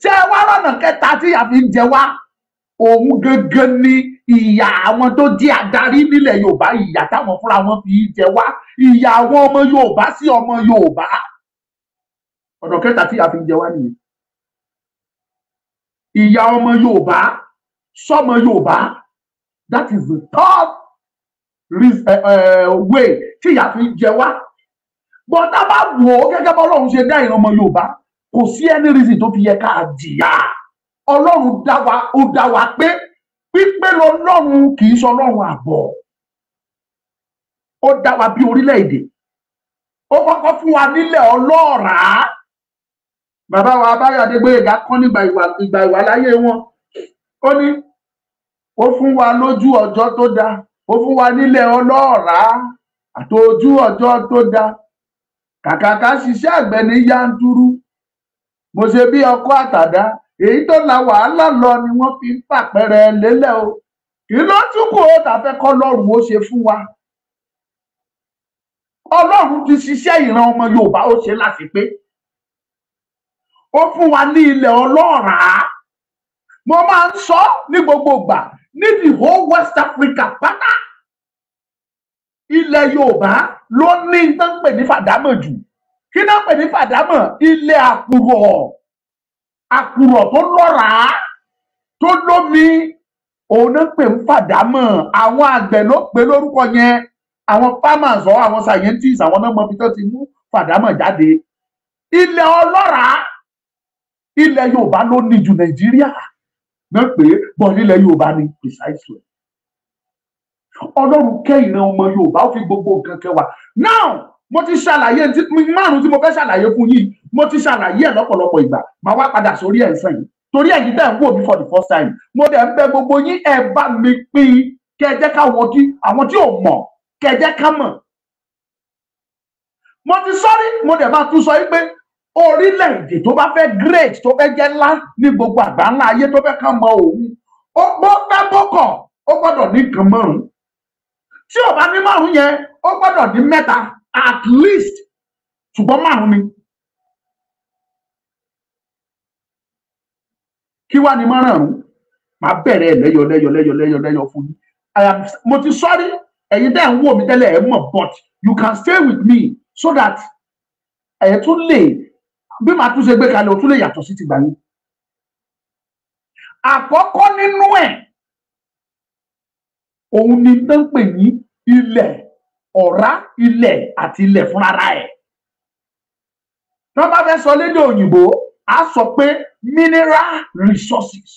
[SPEAKER 1] ṣé ẹ wá lọ́nà kẹta tí ìyà fi ń jẹ wá òun gangan ni ìyà àwọn tó jẹ́ adarí nílẹ̀ yorùbá ìyà táwọn fúnra wọn fi ń jẹ wá ìyà àwọn ọmọ yorùbá sí ọmọ yorùbá ọ̀nà kẹta tí ìyà fi ń jẹ wá nìyẹn ìyà ọmọ yorùbá sọmọ yorùbá that is the third reason, uh, uh, way tí ìyà fi ń jẹ wá but tá a bá wò ó gẹ́gẹ́ bá ọlọ́run ṣe dá ìran ọmọ yorùbá kò sí any reason tó fi yẹ ká jìyà ọlọ́run wa ó dá wa pé pípé lọ́lọ́run kì í sọ ọlọ́run àbọ̀ ó dá wa bí orílẹ̀-èdè ó kọ́kọ́ fún wa nílẹ̀ ọlọ́ràá bàbá wa abáyọ̀dé gbéyèga kán nígbà ìgbà ìwàláyé wọn ó ní ó fún wa lójú ọjọ́ tó dáa ó fún wa nílẹ̀ ọlọ́ràá àtòjú ọjọ́ tó dáa kàkà ká ṣiṣẹ́ àgbẹ̀ ní yanturu mo ṣe bí ọkọ́ àtàdá èyí tó la wàhálà lọ ni wọ́n fi ń pàpẹrẹ lélẹ̀ o kì í ló tún kù ó tàfẹ́ kọ́ lọ́rùn ó ṣe fún wa ọlọ́run ti ṣiṣẹ́ ìran ọmọ yorùbá ó ṣe láti pé ó fún wa ní ilẹ̀ ọlọ́ràá mo máa ń sọ ní gbogbo ìgbà ní the whole west africa pátá ilẹ̀ yorùbá ló ní tó ń pè ní fàdámọ̀ jù kí náà pè ní fàdámọ̀ ilẹ̀ àkùrọ̀ àkùrọ̀ tó lọ́ràá tó lómi òun náà pè ń fàdámọ̀ àwọn àgbẹ̀ ló pè lórúkọ yẹn àwọn farmers ọ àwọn scientists àwọn náà mọ ibi tó ti mú fàdámọ̀ jáde ilẹ̀ ọlọ́ràá ilẹ̀ yorùbá ló ní ju nàìjíríà náà pé bọ́ọ̀ nílẹ̀ yorùbá ni precisely ọlọ́run kẹ́ ìran ọmọ yorùbá ó fi gbogbo nǹkan kẹ́ now mo ti ṣàlàyé márùn tí mo fẹ́ ṣàlàyé fún yìí mo ti ṣàlàyé ẹ̀ lọ́pọ̀lọpọ̀ ìgbà màá wá padà sórí ẹ̀ sẹ́yìn torí ẹ̀yin bẹ́ẹ̀ ń wò mí for the first time mo dẹ̀ ń bẹ gbogbo yín ẹ bá mi pín kẹ́ ẹ jẹ́ káwọn tí àwọn tí ò mọ̀ kẹ́ ẹ jẹ́ ká mọ̀ mo ti sọ́rí mo dẹ̀ máa tún sọ yín pé orílẹ̀-èdè tó bá fẹ́ great tó fẹ́ jẹ́ ńlá ní gbogbo àgbáńlá ayé tó fẹ́ kàn mọ òun ó gbọ́ kábọ́kọ̀ ó gbọ́dọ̀ ní nǹkan márùn-ún tí ò bá ní márùn yẹn ó gbọ́dọ̀ di mẹ́ta at least ṣùgbọ́n márùn ni. kí wàá ní márùn màá bẹ̀rẹ̀ lẹ́yọ lẹ́yọ lẹ́yọ lẹ́yọ lẹ́yọ fún yín mo ti sọ́rí ẹ̀yin dẹ́ ń wò mí tẹ́lẹ̀ ẹ̀ mọ̀ but you can stay with me so that ẹ̀ tún lè bí màá tún ṣe gbé kalẹ̀ o tún lè yàtọ̀ sí ti gbà yín. àkọ́kọ́ nínú ẹ̀ òun ni tó ń pè ní ilẹ̀ ọ̀rá ilẹ̀ àti ilẹ̀ fúnra ẹ̀ tó bá fẹ́ sọ lédè òyìnbó a sọ pé mineral resources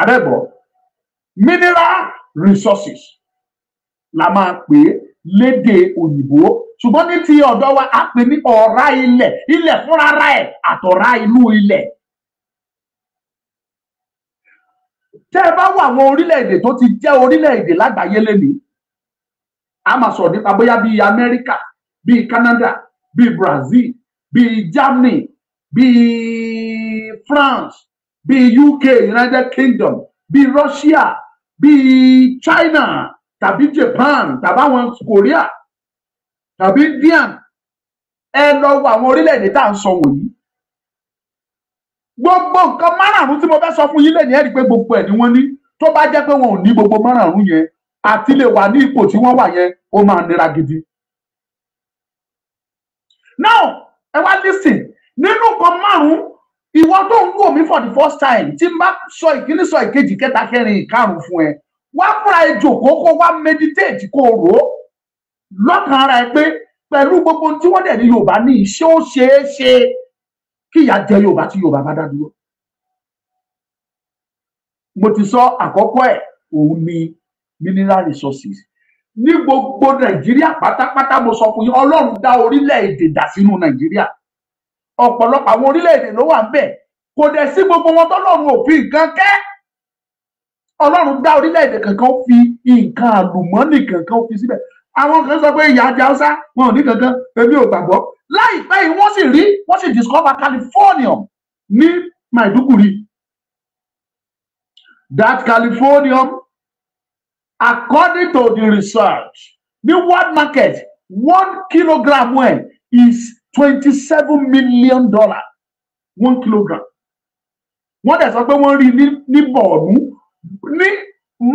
[SPEAKER 1] abẹ́bọ̀ mineral resources la máa pè é lédè òyìnbó ṣùgbọ́n ní ti ọ̀dọ̀ wa a pè ní ọ̀rá ilẹ̀ ilẹ̀ fúnra ẹ̀ àtọ̀rá ìlú ilẹ̀. tẹ́ ẹ bá wọ àwọn orílẹ̀-èdè tó ti jẹ́ orílẹ̀-èdè lágbàáyé lénìí a máa sọ̀rọ̀ nípa bóyá bíi Amẹ́ríkà bíi Canada bíi Brazil bíi Germany bíi France bíi UK United Kingdom bíi Russia bíi China tàbí Japan tàbí àwọn Korea tàbí Indian ẹ lọ wọ àwọn orílẹ̀-èdè tá à ń sọ wọ̀nyí gbogbo nǹkan márààrún tí mo fẹ́ sọ fún yín lẹ́yìn ẹ̀rí pé gbogbo ẹ̀ ni wọ́n ní tó bá jẹ́ pé wọn ò ní gbogbo márààrún yẹn àti lè wà ní ipò tí wọ́n wà yẹn ó máa nira gidi. now ẹ wá lísìn nínú nǹkan márùn-ún ìwọ tó ń wò mí for the first time tí n bá sọ ìkíní sọ ìkejì kẹta kẹrin ìkarùn fún ẹ wá fúnra ẹ jókòó kó wá meditate kó o rò ó lọ́kàn ara ẹ pé pẹ̀lú gbogbo tí wọ́n dẹ̀ ní Yorùbá ní iṣẹ́ ó ṣeé ṣe kí ìyà jẹ yorùbá tí yorùbá bá dá dúró mo ti sọ àkọ́kọ́ ẹ̀ òun ni mineral resources ní gbogbo nàìjíríà pátápátá mo sọ fún yín ọlọ́run dá orílẹ̀-èdè dà sínú nàìjíríà ọ̀pọ̀lọpọ̀ àwọn orílẹ̀-èdè ló wà ń bẹ̀ kò dẹ̀ sí gbogbo wọn tọ́lọ́run ò fi nǹkan kẹ́ ọlọ́run dá orílẹ̀-èdè kankan fi nǹkan àlùmọ́nì kankan fi síbẹ̀ àwọn kan sọ pé ìyá ajá ọsá wọn ò ní kankan èmi ò gbàgbọ́ láìpẹ́ yìí wọ́n sì rí wọ́n sì discover Californium ní Maiduguri that Californium according to the research the world market one kilogram well is twenty-seven million dollar one kilogram wọ́n dẹ̀ sọ pé wọ́n rí ní bọ̀ọ̀nù ní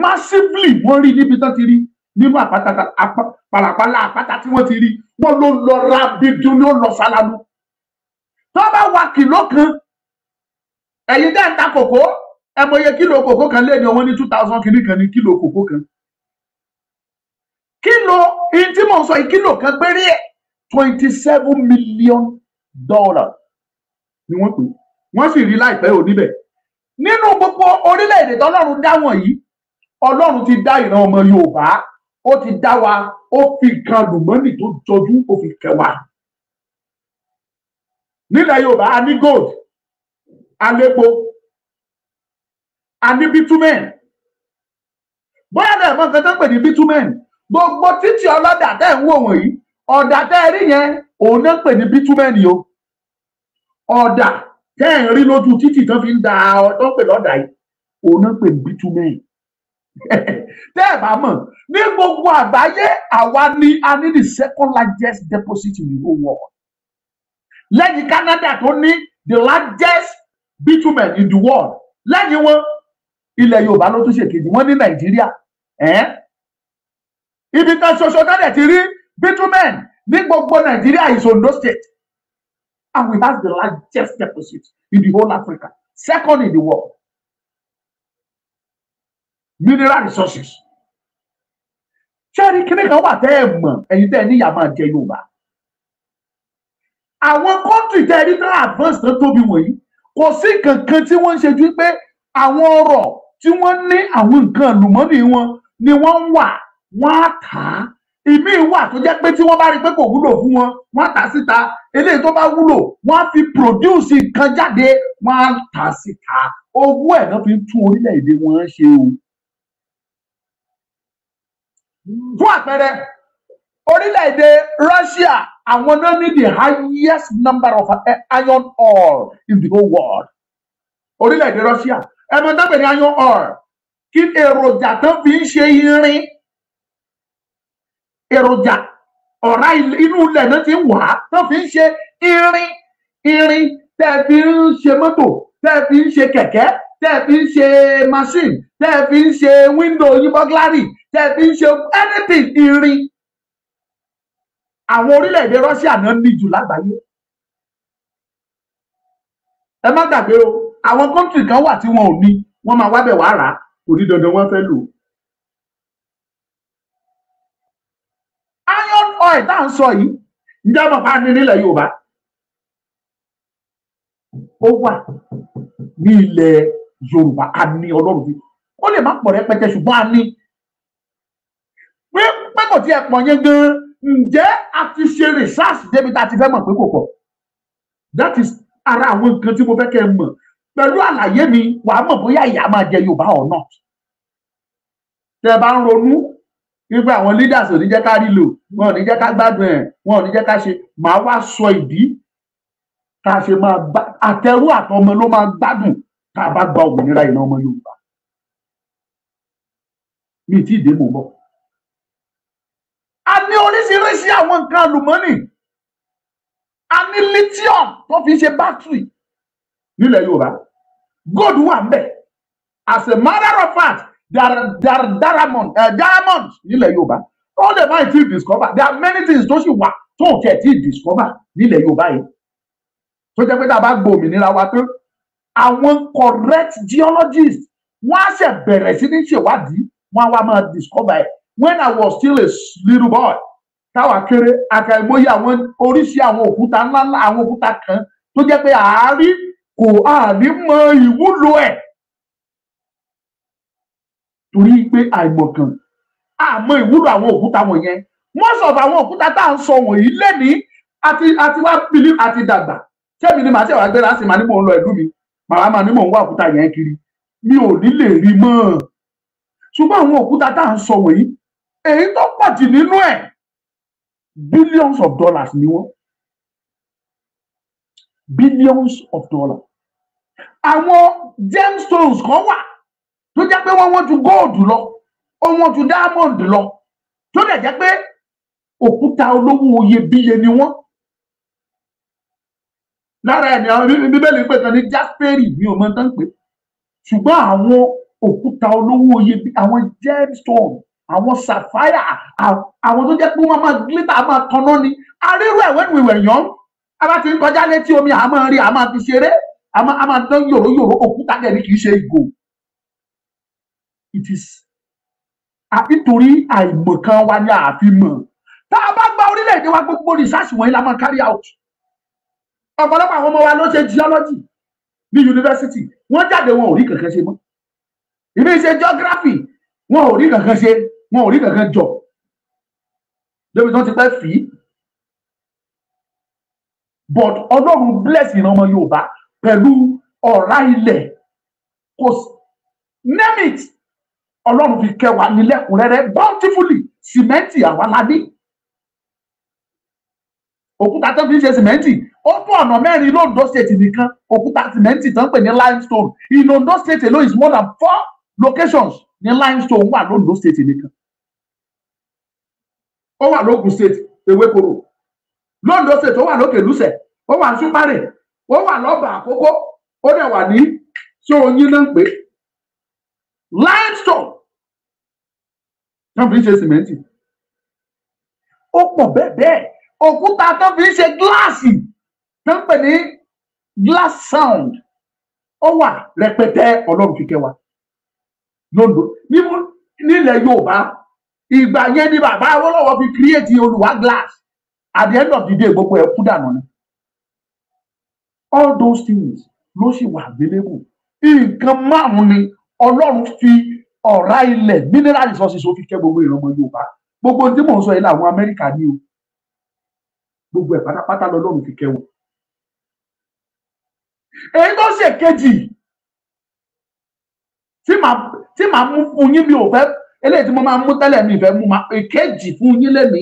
[SPEAKER 1] massively wọ́n rí níbi tán ti rí nínú àpáta pàlàpàlà àpáta tí wọ́n ti rí wọ́n ló lọ ra bídún ló lọ falanu tó bá wa kìló kan ẹ̀yin dẹ́ ta kòkó ẹ mọye kòkó kan lé ní owó ní two thousand kìíní kan ní kílò kòkó kan kílò ihun tí mò ń sọ yìí kílò kan péré ẹ̀ twenty seven million dollars ni wọ́n pè wọ́n sì rí láìpẹ́ ò níbẹ̀ nínú gbogbo orílẹ̀-èdè tọ́lọ́run dá wọ̀nyí ọlọ́run ti dá ìran ọmọ yorùbá ó ti dá wa ó fi nǹkan lùmọ́nì tó jọjú ó fi kẹ́ wa nílẹ̀ yorùbá a ní gold a lépo a ní bitumen bóyá dẹ̀ mọ́ nǹkan tó ń pè ní bitumen gbogbo títí ọlọ́dà tẹ́ ń wò wọ̀nyí ọ̀dà tẹ́ rí yẹn òun náà ń pè ní bitumen yìí o ọ̀dà tẹ́ ń rí lójú títì tó fi ń da ọ̀ tó ń pè lọ́dà yìí òun náà ń pè ní bitumen tẹ́ ẹ̀ bá mọ̀ ní gbogbo àgbáyé àwa ni a ní the second largest deposit in the whole world lẹ́yìn Canada tó ní the largest bitumen in the world lẹ́yìn wọn ilẹ̀ Yorùbá ló tún ṣe kejì wọ́n ní Nàìjíríà ibi kan ṣoṣo tẹ́lẹ̀ ti rí bitumen ní gbogbo Nàìjíríà is Ondo state and we have the largest deposit in the whole Africa second in the world mineral resources ṣẹ́ẹ̀rí kíní kan wà tẹ́ ẹ̀ mọ̀ ẹ̀yin tẹ́ ẹ níyà máa jẹ Yorùbá àwọn kọ́ńtì tẹ́ ẹ rí tán advance tán tóbi wọ̀nyí kò sí kankan tí wọ́n ń ṣe ju pé àwọn ọrọ̀ tí wọ́n ní àwọn nǹkan àlùmọ́nì wọn ni wọ́n ń wà wọ́n á tà á ìmí wà tó jẹ́ pé tí wọ́n bá rí pé kò wúlò fún wọn wọ́n á tà á síta eléyìí tó bá wúlò wọ́n á fi produce nǹkan jáde wọ́n á tà á síta owó ẹ̀ náà fi ń tún orílẹ̀-èdè wọn ṣe o fún àpẹẹrẹ orílẹ̀-èdè Russia àwọn náà ní the highest number of iron ore in the whole world orílẹ̀-èdè Russia ẹ mọ̀ dábẹ̀ iron ore kí èròjà tó fi ń ṣe irin èròjà ọ̀rá inú ilẹ̀ náà ti ń wà á tó fi ń ṣe irin irin tẹ́ ẹ fi ń ṣe mọ́tò tẹ́ fi ń ṣe kẹ̀kẹ́ tẹ́ fi ń ṣe machine tẹ́ ẹ fi ń ṣe window yín bọ́gláàrì tẹ̀bí ń ṣe anything irin àwọn orílẹ̀-èdè Russia náà ní jù lágbàáyé ẹ má gbàgbé o àwọn kọ́ńtì kan wà tí wọn ò ní wọ́n máa wábẹ̀ wá rà á kò ní dandan wọ́n fẹ́ lò. iron oil tá à ń sọ yìí ǹjẹ́ bàbá ní nílẹ̀ Yorùbá ó wà ní ilẹ̀ Yorùbá a ní ọlọ́run bí ó lè má pọ̀ rẹpẹtẹ ṣùgbọ́n a ní pé pé kò tiẹ̀ pọ̀ yẹn gan ǹjẹ́ a ti ṣe research débi tá a ti fẹ́ mọ̀ pé kò pọ̀ that is ara àwọn nǹkan tí mo fẹ́ kẹ́ ẹ mọ̀ pẹ̀lú àlàyé mi wàá mọ̀ bóyá ìyá máa jẹ Yorùbá or not tẹ bá ń ronú wípé àwọn leaders ò ní jẹ́ ká rí lò wọn ò ní jẹ́ ká gbádùn ẹ̀ wọn ò ní jẹ́ ká ṣe màá wá sọ ìdí tá a ṣe máa gbá àtẹrú àtọmọ ló máa gbádùn tá a bá gba òmìnira ìran ọmọ Yorùbá mi ì dé mò ń bọ̀ ní oríṣiríṣi àwọn nǹkan àlùmọ́nì a ní lithium tó fi ṣe bátìrì nílẹ̀ yorùbá gold wà ń as a matter of fact there there diamond uh, eh, diamond nílẹ̀ yorùbá all the mind still discover there are many things tó sì wà tó kẹ̀ tí discover nílẹ̀ yorùbá yìí tó jẹ́ pé tá a bá gbòmìnira wa tó àwọn correct geologists wọ́n á ṣe bẹ̀rẹ̀ sí ní ṣèwádìí wọ́n á wá máa discover it when I was still a little boy táwa kéré àkàìmọye àwọn oríṣi àwọn òkúta ńláńlá àwọn òkúta kan tó jẹ́ pé àárí kò àárí mọ ìwúlò ẹ̀ torí pé àìmọ̀kàn àmọ́ ìwúlò àwọn òkúta wọ̀nyẹn most of àwọn òkúta tá à ń sọ wọ̀nyí lẹ́ni àti àti wá bìlí àti dàgbà tẹ́mi ni màá tẹ̀ wá gbéra sí màá ní mò ń lọ ìlú mi màá máa ní mò ń wá òkúta yẹn kiri mi ò ní lè rí mọ́ ṣùgbọ́n àwọn òkúta tá à ń sọ wọ̀nyí èyí tó pọ̀ jù nínú ẹ̀ billions of dollars ni wọ́n billions of dollars àwọn gemstones kan wà tó jẹ́ pé wọ́n wọ́n ju gold lọ ó wọ́n ju diamond lọ tó dẹ̀ jẹ́ pé òkúta olówó iyebíye ni wọ́n lára ẹ̀ ní àwọn bíbélì pé kan ní jasperi mi ò mọ tán pé ṣùgbọ́n àwọn òkúta olówó iyebíye àwọn gemstone àwọn sapphire àwọn tó jẹ́ pé wọ́n máa glitter máa tanná ni arírò ẹ̀ when we were young a bá ti ń kọjá létí omi a máa rí a máa fi ṣeré a máa dán yòróyòró òkúta gẹ̀ẹ́ni kì í ṣe ìgò it is nítorí àìmọ̀kan wa ni àfi mọ̀ tá a bá gba orílẹ̀-èdè wa gbogbo research wọ̀nyí la máa carry out ọ̀pọ̀lọpọ̀ àwọn ọmọ wa ló ṣe geology ní yunifásitì wọ́n jáde wọn ò rí kankan ṣe mọ́ ìmí ṣe geography wọn ò rí kankan ṣe wọn ò rí kankan jọ débi tí wọn ti pẹ́ fì í but ọlọ́run bless ìran ọmọ yorùbá pẹ̀lú ọ̀rá ilẹ̀ kò name it ọlọ́run fi kẹwàá ní lẹ́kùnrẹ́rẹ́ bountifully sìmẹ́ǹtì àwa la ní òkúta tó fi ń ṣe sìmẹ́ǹtì ó tó ọ̀nà mẹ́rin lóńdó state nìkan òkúta sìmẹ́ǹtì tó ń pè ní limestone in Ondo state alone is more than four locations ní limestone wà Ondo state nìkan ó wà lógun state ewékoro londo state ó wà lókè lùsẹ̀ ó wà súpárè ó wà lọ́bà àkókò ó dẹ̀ wà ní tí oyin náà ń pè limestone tó fi ń ṣe sìmẹ́ǹtì ó pọ̀ bẹ́ẹ̀ bẹ́ẹ̀ òkúta tó fi ń ṣe gíláàsì tó ń pè ní glass sound ó wà rẹpẹtẹ ọlọ́run fi kẹwàá londo nílẹ̀ yorùbá ìgbà yẹn ni bàbá Awólọ́wọ̀ fi create Olúwa glass at the end of the day gbogbo ẹ̀ kú dànù ni all those things ló sì wà available nǹkan márùn ni Ọlọ́run fi ọ̀rá ilẹ̀ mineral resources ó fi kẹ́ gbogbo ìrànmọ́ Yorùbá gbogbo tí mò ń sọ yìí làwọn Amẹ́ríkà ní o gbogbo ẹ̀ pátápátá lọ́lọ́run fi kẹ́ wọn. èyí tó ṣe kejì tí màá mú fún yín mi ò fẹ́ eléyìí tí mo máa mú tẹ́lẹ̀ mi ìfẹ́ mú ma èkejì fún yín lẹ́mí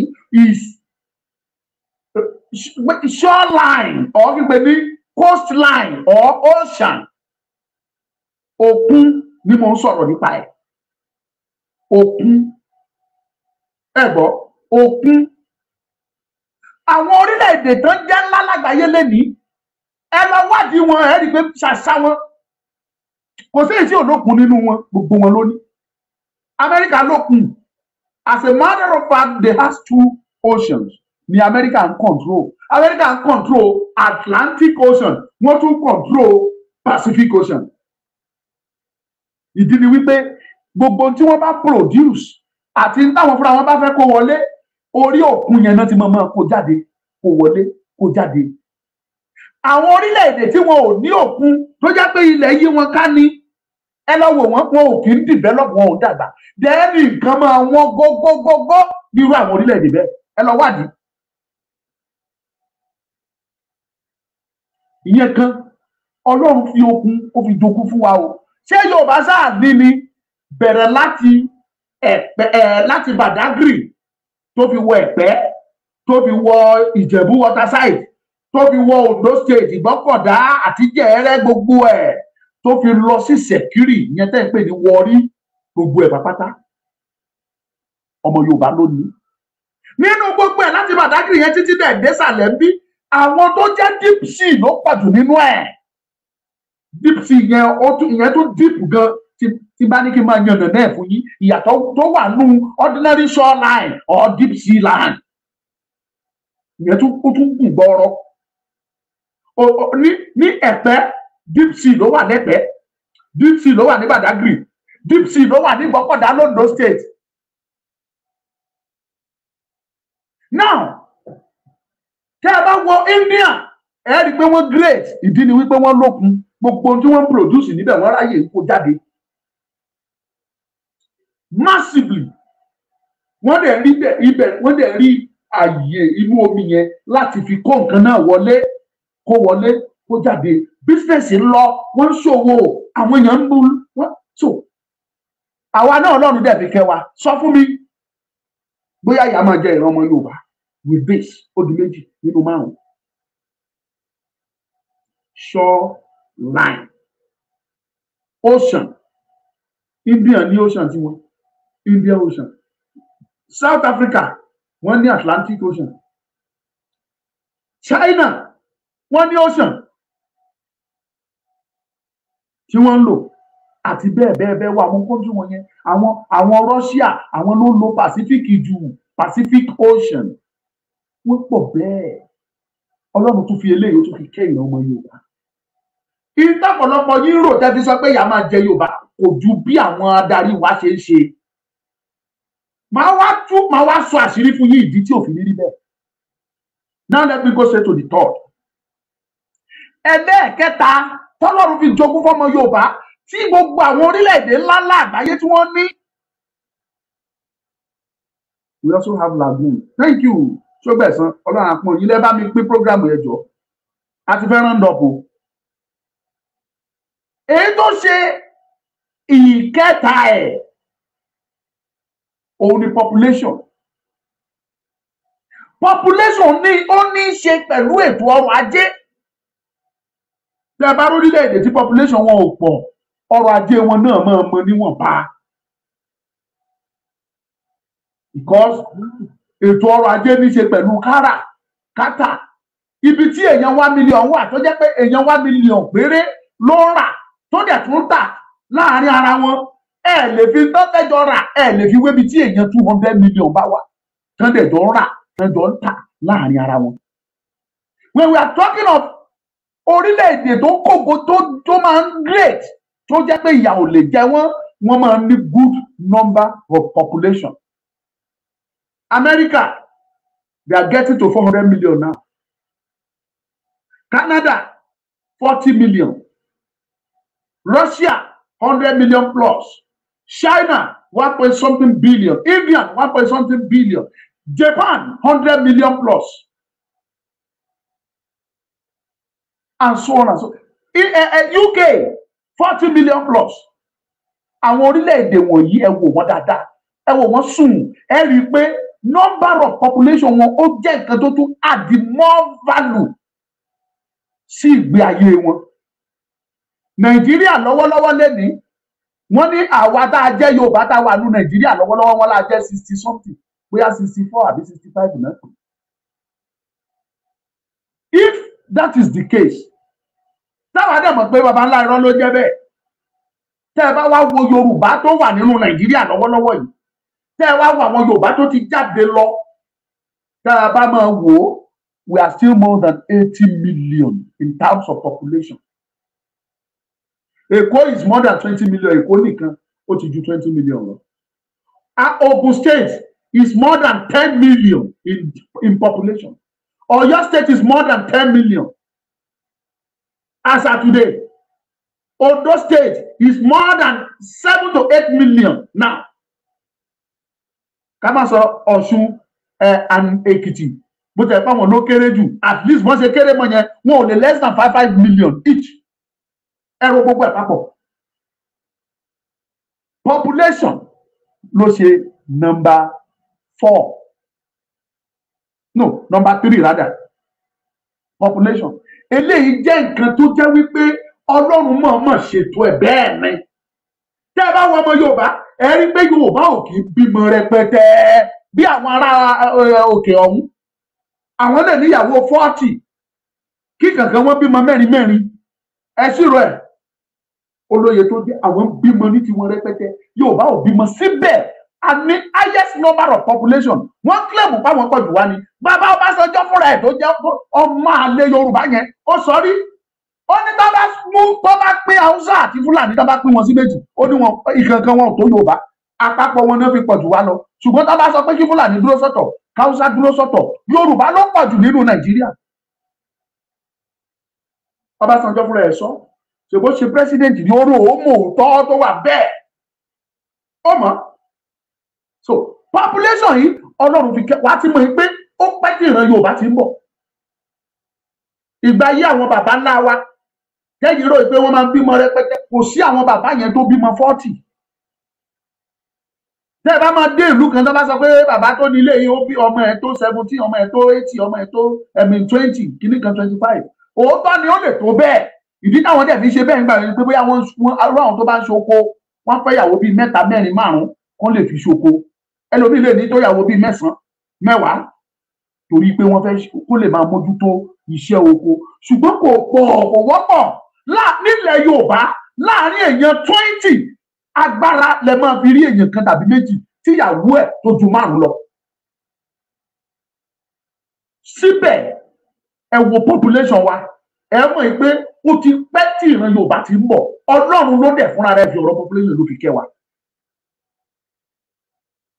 [SPEAKER 1] is shoreline or gbígbé ní coastline or ocean òkun ni mo ń sọ̀rọ̀ nípa ẹ̀ òkun ẹ gbọ́ òkun àwọn orílẹ̀-èdè tó ń jẹ́ ńlá lágbàáyé lẹ́ni ẹ lọ wádìí wọn ẹ rí i pé ṣàṣà wọn kò sí èyí tí ò lókun nínú wọn gbogbo wọn lónìí America lókun as a matter of fact they has two oceans ni America ń control America ń control Atlantic Ocean wọ́n tún control Pacific Ocean ìdí ni wípé gbogbo tí wọ́n bá produce àti táwọn fúnra wọn bá fẹ́ kó wọlé orí òkun yẹn náà ti mọ̀ mọ́ kó jáde kó wọlé kó jáde àwọn orílẹ̀-èdè tí wọn ò ní òkun tó jẹ́ pé ilẹ̀ yí wọn ká ní ẹ lọ wò wọn wọn ò kì í develop wọn ò dàgbà dẹ́ẹ̀nì nǹkan máa wọ́n gógógógó nírú àwọn orílẹ̀-èdè bẹ́ẹ̀ ẹ lọ wádìí. ìyẹn kan ọlọ́run fi okun ó fi jogún fún wa o ṣé yorùbá sáà ní ni bẹ̀rẹ̀ láti ẹ̀pẹ́ láti badagry tó fi wọ ẹ̀pẹ́ tó fi wọ ìjẹ̀bú water side tó fi wọ ondo state ìgbọ́kọ̀dá àti jẹ̀ẹ́rẹ́ gbogbo ẹ̀ tó fi lọ sí sẹkírì ìyẹn tẹ́ ń pè ní wọrí gbogbo ẹ̀ pátá ọmọ yorùbá ló ní nínú gbogbo ẹ̀ láti bàdágìrì yẹn títí dẹ̀ désàlẹ̀ ń bí àwọn tó jẹ́ deep sea ló pàjù nínú ẹ̀ deep sea yẹn ó tún ìyẹn tó deep gan tí bá ní kí n máa yànnà náà fún yín ìyàtọ̀ tó wà nù ordinary shoreline or deep sea line ìyẹn tó tún gùn gbọrọ ní ẹ̀pẹ́ deep sea ló wà lẹ́pẹ́ deep sea ló wà ní Badagry deep sea ló wà ní Ìgbọ́kọ̀dá londo state now tẹ́ ẹ bá wọ India ẹ rí i pé wọ́n great ìdí ni wípé wọ́n lókun gbogbo ohun tí wọ́n produce níbẹ̀ wọ́n ráyè kó jáde massively wọ́n dẹ̀ rí ibẹ̀ wọ́n dẹ̀ rí ààyè inú omi yẹn láti fi kó nǹkan náà wọlé kó wọlé kó jáde bísínẹ́sì ń lọ wọ́n ń ṣòwò àwọn èèyàn ń bu wọ́n so àwa náà ọlọ́run dẹ̀bi kẹwàá sọ fún mi bóyá ìyá máa jẹ ìran ọmọ Yorùbá with base ó di méjì nínú márùn-ún shore line ocean Indian ní ocean tiwọn Indian Ocean South Africa wọ́n ní Atlantic Ocean China wọ́n ní ocean tí wọ́n ń lò àti bẹ́ẹ̀ bẹ́ẹ̀ bẹ́ẹ̀ wá àwọn kójú wọn yẹn àwọn àwọn Russia àwọn ló ń lo Pacific ju Pacific Ocean wọ́n pọ̀ bẹ́ẹ̀ Ọlọ́run tún fi eléyìí tún fi kẹ́yìn ọmọ Yorùbá ìtàpọ̀lọpọ̀ yín rò tẹ́tí sọ pé ìyá máa jẹ Yorùbá kò ju bí àwọn adarí wa ṣe ń ṣe màá wá tú màá wá sọ àṣírí fún yín ìdí tí ò fi rí rí bẹ́ẹ̀ now let me go straight to the third ẹlẹ́ẹ̀kẹta tọ́lọ́run fi jogún fọ́mọ Yorùbá tí gbogbo àwọn orílẹ̀-èdè ńláńlá àgbáyé tí wọ́n ní. we also have lagoon thank you ṣọgbẹ́sán ọlọ́run àpọ̀n yìí lẹ́ bá mi pín prógrámù yẹn jọ a ti fẹ́ rán dọ̀pọ̀. èyí tó ṣe ìkẹta ẹ̀ òun ni population population ní ó ní í ṣe pẹ̀lú ètò ọrọ̀ ajé tẹ bá rórílẹ̀-èdè tí population wọn ò pọ̀ ọrọ̀ ajé wọn náà máa mọ níwọ̀nba because ètò ọrọ̀ ajé ní í ṣe pẹ̀lú kárà kátà ibi tí èèyàn wá mílíọ̀n wà tó jẹ́ pé èèyàn wá mílíọ̀n péré ló ń rà tó dẹ̀ tún tà láàrin ara wọn ẹ lè fi tọ́tẹ́jọ rà ẹ lè fi wébi tí èèyàn two hundred million bá wà tán dẹ̀ jọ ń rà tán jọ ń tà láàrin ara wọn. when we are talking of orílẹ̀-èdè tó kógo tó tó máa ń great tó jẹ́ pé ìyà ò lè jẹ wọ́n wọ́n máa ní good number of population. America they are getting to four hundred million now. Canada forty million. Russia hundred million plus. China one point something billion. India one point something billion. Japan hundred million plus. and so on and so in uh, eh, eh, UK forty million plus àwọn orílẹ̀-èdè wọ̀nyí ẹ wò wọ́n dáadáa ẹ wò wọ́n sùn ẹ rí i pé number of population wọn ó jẹ́ nǹkan tó tún add more value sí ìgbé ayé wọn nàìjíríà lọ́wọ́lọ́wọ́ lẹ́ni wọ́n ní àwa tá a jẹ́ yorùbá tá a wà ní nàìjíríà lọ́wọ́lọ́wọ́ wọn la jẹ́ sixty something bóyá sixty four àbí sixty five náà if that is the case táwa dẹ̀ mọ̀ pé baba ńlá irọ́ ló jẹ́ bẹ́ẹ̀ tẹ́ ẹ bá wá wo yorùbá tó wà nínú nàìjíríà lọ́wọ́lọ́wọ́ yìí tẹ́ ẹ wá wo àwọn yorùbá tó ti jáde lọ tẹ́ ẹ bá máa wò ó we are still more than eighty million in terms of population èkó is more than twenty million èkó nìkan ó ti ju twenty million lọ ogun state is more than ten million in in population or your state is more than 10 million as of today. Odo state is more than 7 to 8 million now. Ká má sọ and Ekiti, but tẹ̀ pàwọn no carry you at least once ṣe carry money. yẹn wọn less than five five million each Population let's say number four no number three rather population eléyìí jẹ́ nǹkan tó jẹ́ wípé ọlọ́run mọ̀ọ́mọ̀ ṣètò ẹ̀ bẹ́ẹ̀ ni tẹ́ ẹ bá wọ ọmọ yorùbá ẹ rí pé yorùbá ò kì í bímọ rẹpẹtẹ bí àwọn ará òkè ọ̀hún àwọn náà níyàwó fọ́ọ̀tì kí kankan wọn bímọ mẹ́rin mẹ́rin ẹ ṣírò ẹ̀ olóye tó dé àwọn bímọ ní tiwọn rẹpẹtẹ yorùbá ò bímọ síbẹ̀ and ní highest number of population wọ́n claim fáwọn pọ̀jù wá ni bàbá Ọbásanjọ́ fúnra ẹ̀ tó jẹ́ ọmọ àlè Yorùbá yẹn ó sọ rí ó ní tó bá mú tó bá pín Haúsá àti Fúlàní tó bá pín wọn sí méjì ó ní wọn ìkankan wọn ò tó Yorùbá àpapọ̀ wọn náà fi pọ̀jù wá lọ ṣùgbọ́n tó bá sọ pé kí Fúlàní dúró sọ́tọ̀ káwúsá dúró sọ́tọ̀ Yorùbá ló pọ̀jù nínú Nàìjíríà Ọbásanjọ́ fúnra ẹ̀ sọ ṣùgbọ́n ṣe pírẹ́sídẹ̀ntì ni ó rò ó mọ̀ òótọ́ tó wà bẹ́ẹ̀ ó mọ̀ population yìí ọlọ́run fi kẹ́ wá ti mọ̀ yín pé ó pẹ́ tí ìran yorùbá ti ń bọ̀ ìgbà yí àwọn bàbá ńlá wa kẹ́yìn rò pé wọ́n máa ń bímọ rẹpẹtẹ kò sí àwọn bàbá yẹn tó bímọ fọ́ọ̀tì tẹ́ ẹ bá máa dé ìlú kan tó bá sọ pé bàbá tó ní ilé yìí ó bí ọmọ ẹ̀ tó seventeen ọmọ ẹ̀ tó eighty ọmọ ẹ̀ tó ẹ̀mí twenty kìíní kan twenty five òótọ́ ni ó lè tó bẹ́ẹ̀ ìdí táwọn dẹ̀ fi ṣe bẹ́ẹ̀ nígbà wípé bóyá wọ́n arú àwọn tó bá ń ṣoko wọ́n fẹ́yàwó bíi mẹ́ta mẹ́rin márùn-ún kó lè fi ṣoko ẹlòmíì lè ní tóyàwó bíi mẹ́sàn-án mẹ́wàá torí pé wọ́n fẹ́ kó lè máa mójútó iṣẹ́ oko ṣùgbọ́n kò pọ̀ kò wọ́pọ̀ nílẹ̀ Yorùbá láàrin èèyàn twenty agbára lè máa fi rí èèyàn kan tàbí méjì tíyàwó ẹ̀ tó ju márùn lọ síbẹ̀ ẹ wo population wa ẹ mọ̀ ẹ pé ó ti pẹ́ tí ìran Yorùbá ti ń bọ̀ Ọlọ́run ló dẹ̀ fúnra rẹ̀ fi ọ̀rọ̀ population ló fi kẹ́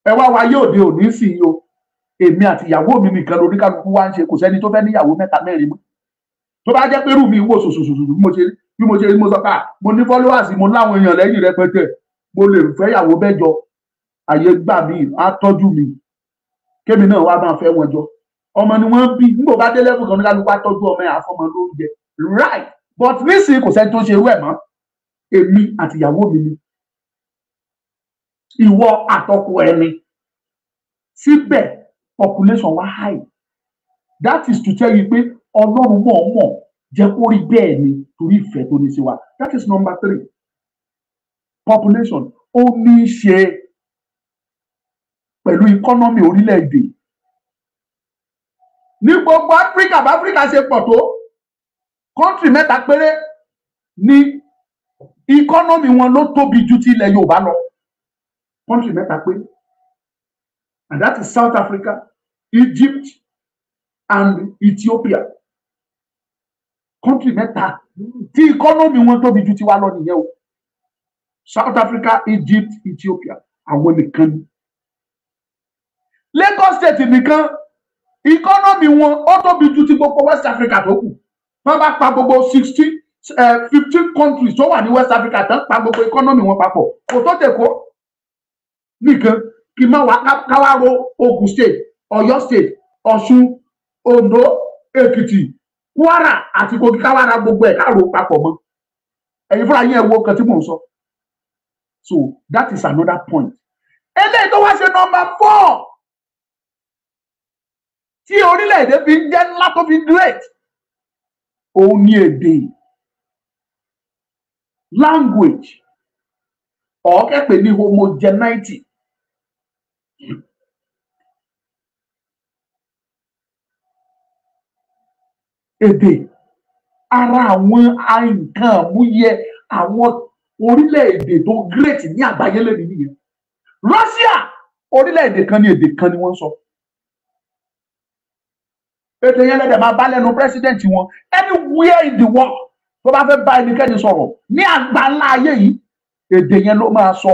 [SPEAKER 1] ẹ wá wá yóò di òní sí i o èmi àti ìyàwó mi nìkan lórí kálukú wá ń ṣe kò sẹ́ni tó fẹ́ níyàwó mẹ́ta mẹ́rin mọ́ tó bá jẹ́ pẹ̀lú mi wò sòsòsòsò bí mo ṣe bí mo ṣe mo sọ pé mo ní followers mo láwọn èèyàn lẹ́yìn rẹpẹtẹ mo lè fẹ́ ìyàwó bẹ́jọ àyè gbà mí á tọ́jú mi kémi náà wá máa fẹ́ wọn jọ ọmọ ni wọ́n bí nígbà bá dé level kan ní kálukú á tọ́jú ọmọ ẹ̀ àfọmọ lóúnjẹ right but nísìnyí kò sẹ́ni tó ṣe ewé mọ́ èmi àti ìyàwó mi ni ìwọ àtọkọ ẹni síbẹ̀ population wa high that is to tell you pé ọlọ́run mọ̀ mọ̀ jẹ́ kó rí bẹ́ẹ̀ ni torí ìfẹ́ tó ní sí wa that is number three population ó ní í ṣe pẹ̀lú economy orílẹ̀-èdè ní gbogbo áfíríkà bá áfíríkà ṣe pọ̀ tó kọ́ńtì mẹ́ta péré ni economy wọn ló tóbi ju ti ilẹ̀ yorùbá lọ country mẹ́ta pé and that is South Africa, Egypt and Ethiopia country mẹ́ta tí economy wọn tóbi ju tiwa lọ nìyẹn o South Africa, Egypt, Ethiopia àwọn nìkan ni Lagos State nìkan economy wọn ó tóbi ju ti gbogbo West Africa tó kù wọn bá pa gbogbo sixteen eh, fifteen countries tó wà ní West Africa tán pa gbogbo economy wọn papọ̀ kò tó tẹ̀ nìkan kí n má wá káwárò Ògùn state Ọ̀yọ́ state Ọ̀ṣun Oǹdó Èkìtì Kwara àti Kogi káwárà gbogbo ẹ̀ káàrò papọ̀ mọ́ ẹ̀yin fúnra yín ẹ wo kan tí mò ń sọ so that is another point eléyìí tó wá ṣe nọ́mbà four tí orílẹ̀-èdè fi ń jẹ́ ńlá tó fi great òun ni èdè language ọ̀ọ́kẹ́pẹ́ ní homogeneity èdè ara àwọn nǹkan àmúyẹ àwọn orílẹ̀-èdè tó great ní àgbáyé lónìí nìyẹn Russia orílẹ̀-èdè kan ní èdè kan ni wọ́n sọ èdè yẹn lẹ́dẹ̀ máa bá lẹ́nu president wọn anywhere in the world tó bá fẹ́ bá ẹnikẹ́ni sọ̀rọ̀ ní àgbáńlá ayé yìí èdè yẹn ló máa sọ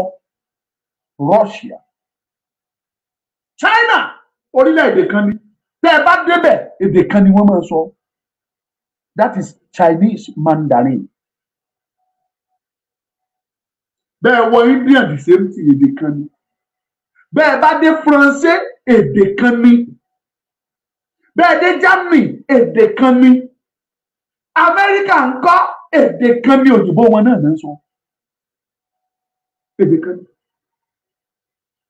[SPEAKER 1] Russia China orílẹ̀-èdè kan ni tẹ́ ẹ bá débẹ̀ èdè kan ni wọ́n máa sọ that is Chinese Mandarin bẹ́ẹ̀ wọ India the same thing èdè kan ni bẹ́ẹ̀ bá dé Faransé èdè kan ni bẹ́ẹ̀ dé Germany èdè kan ni Amẹ́ríkà ń kọ́ èdè kan ni òyìnbó wọn náà náà sọ èdè kan ni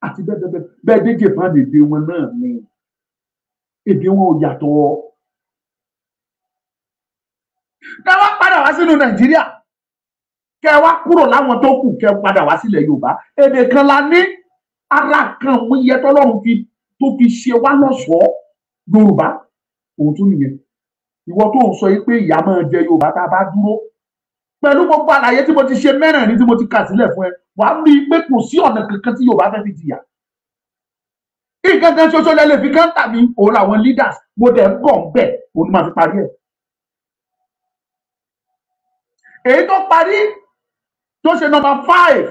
[SPEAKER 1] àti bẹ́ẹ̀ bẹ́ẹ̀ bẹ́ẹ̀ dé Japan èdè wọn náà ni èdè wọn ò yàtọ̀. kẹ wá padà wá sínú Nàìjíríà kẹ wá kúrò láwọn tó kù kẹ padà wá sílẹ̀ Yorùbá èdè kan la ní ara kan òun yẹ tọ́lọ́run fi tó fi ṣe wá lọ́ṣọ̀ọ́ Yorùbá òun tún nìyẹn ìwọ tó ń sọ yìí pé ìyá máa jẹ Yorùbá tá a bá dúró pẹ̀lú gbogbo àlàyé tí mo ti ṣe mẹ́rẹ̀ẹ̀rin tí mo ti kà sílẹ̀ fún ẹ wà á rí i pé kò sí ọ̀nà kankan tí Yorùbá fẹ́ fi jìyà nǹkan kan ṣoṣo lẹ lè fi káńtà mi òun làwọn leaders mo dẹ̀ ń bọ̀ ń bẹ̀ òun ni fi parí ẹ̀ èyí tó parí tó ṣe number five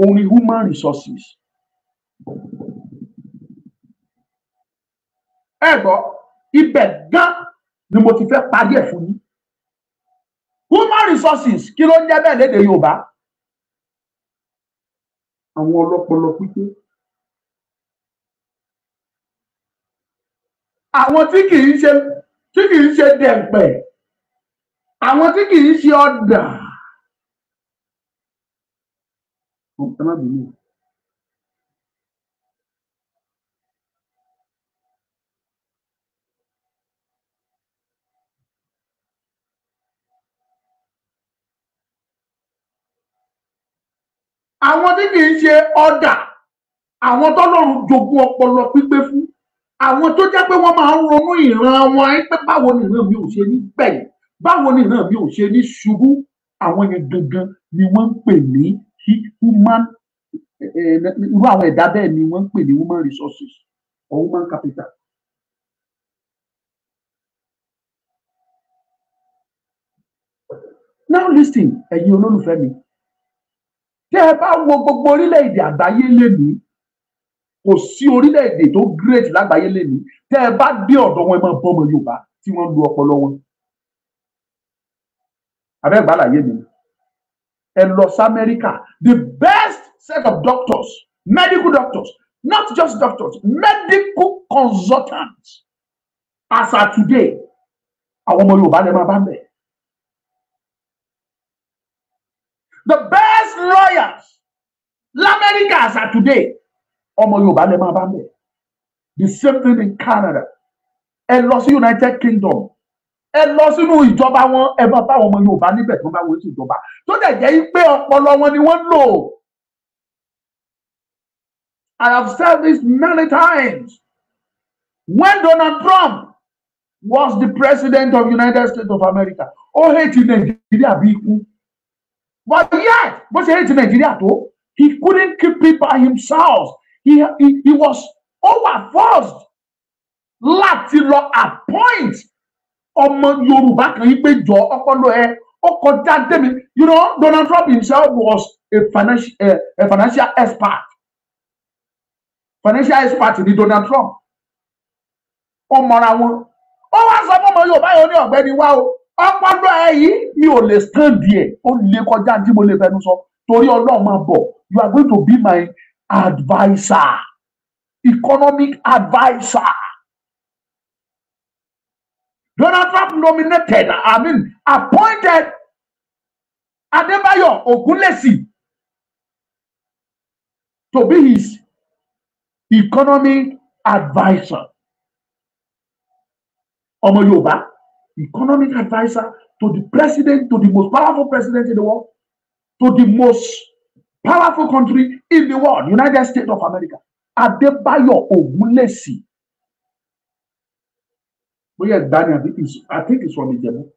[SPEAKER 1] òun ni human resources ẹ gbọ́ ibẹ̀ gan ni mo ti fẹ́ parí ẹ̀ fún yín human resources kí ló ń jẹ́ bẹ́ẹ̀ lédè Yorùbá àwọn ọlọ́pọlọ pípé àwọn tí kì í ṣe tí kì í ṣe dẹ̀pẹ̀ àwọn tí kì í ṣe ọ̀dà. Ẹ má àwọn tí kì í ṣe ọ̀dà àwọn tọ́lọ́run jogún ọpọlọ pípé fún àwọn tó jẹ́ pé wọ́n máa ń ronú ìran wọn ẹ pé báwo ni ìran mi ò ṣe ní gbẹ̀yìn báwo ni ìran mi ò ṣe ní ṣubú àwọn yẹn gangan ni wọ́n ń pè ní human eh, irú àwọn ẹ̀dá bẹ́ẹ̀ ni wọ́n ń pè ní human resources or human capital. now listen ẹ̀yin olólùfẹ́ mi tẹ́ ẹ bá wo gbogbo orílẹ̀-èdè àgbáyé lénìí kò sí orílẹ̀-èdè tó great lágbàáyé lénìí tẹ́ ẹ bá dé ọ̀dọ̀ wọn ẹ máa bọ́ ọmọ Yorùbá tí wọ́n ń lu ọpọlọ wọn. abẹ́gbà àlàyé mi ẹ lọ sí Amẹ́ríkà the best set of doctors medical doctors not just doctors medical consultants as at today àwọn ọmọ Yorùbá lè máa bá bẹ̀ẹ́. the best lawyers lamẹ́ríkà are today ọmọ yorùbá lè máa bá mẹ́ the same thing in canada ẹ lọ sí united kingdom ẹ lọ sínú ìjọba wọn ẹ máa bá ọmọ yorùbá níbẹ̀ tó bá wọ sí ìjọba tó dẹ̀ jẹ́ pé ọpọlọ wọn ni wọ́n lò I have said this many times when Donald Trump was the president of United States of America ó hate you. bí ikú. But yet, bó ṣe hate Nigeria tó, he couldn't keep people by himself. He, he, he was over forced láti lọ appoint ọmọ Yorùbá kan yìí pé jọ ọpọlọ ẹ ó kọjá débi you know Donald Trump himself was a financial, uh, a financial expert financial expert ni Donald Trump ó mọra wọn ó wá sọ fún ọmọ Yorùbá yẹn ní ọ̀gbẹ́ni wá o ọpọlọ ẹ yìí mi ò lè stand ẹ ó lè kọjá tí mo lè fẹnu sọ torí Ọlọ́run máa bọ̀ you are going to be my adviser economic adviser Donald Trump nominated I mean appointed Adébáyọ̀ Ogunlesi to be his economic adviser ọmọ Yorùbá economic advisor to the president, to the most powerful president in the world, to the most powerful country in the world, United States of America. Adebayo Ogunlesi. Oh yes, Daniel, I think it's from Ijebu.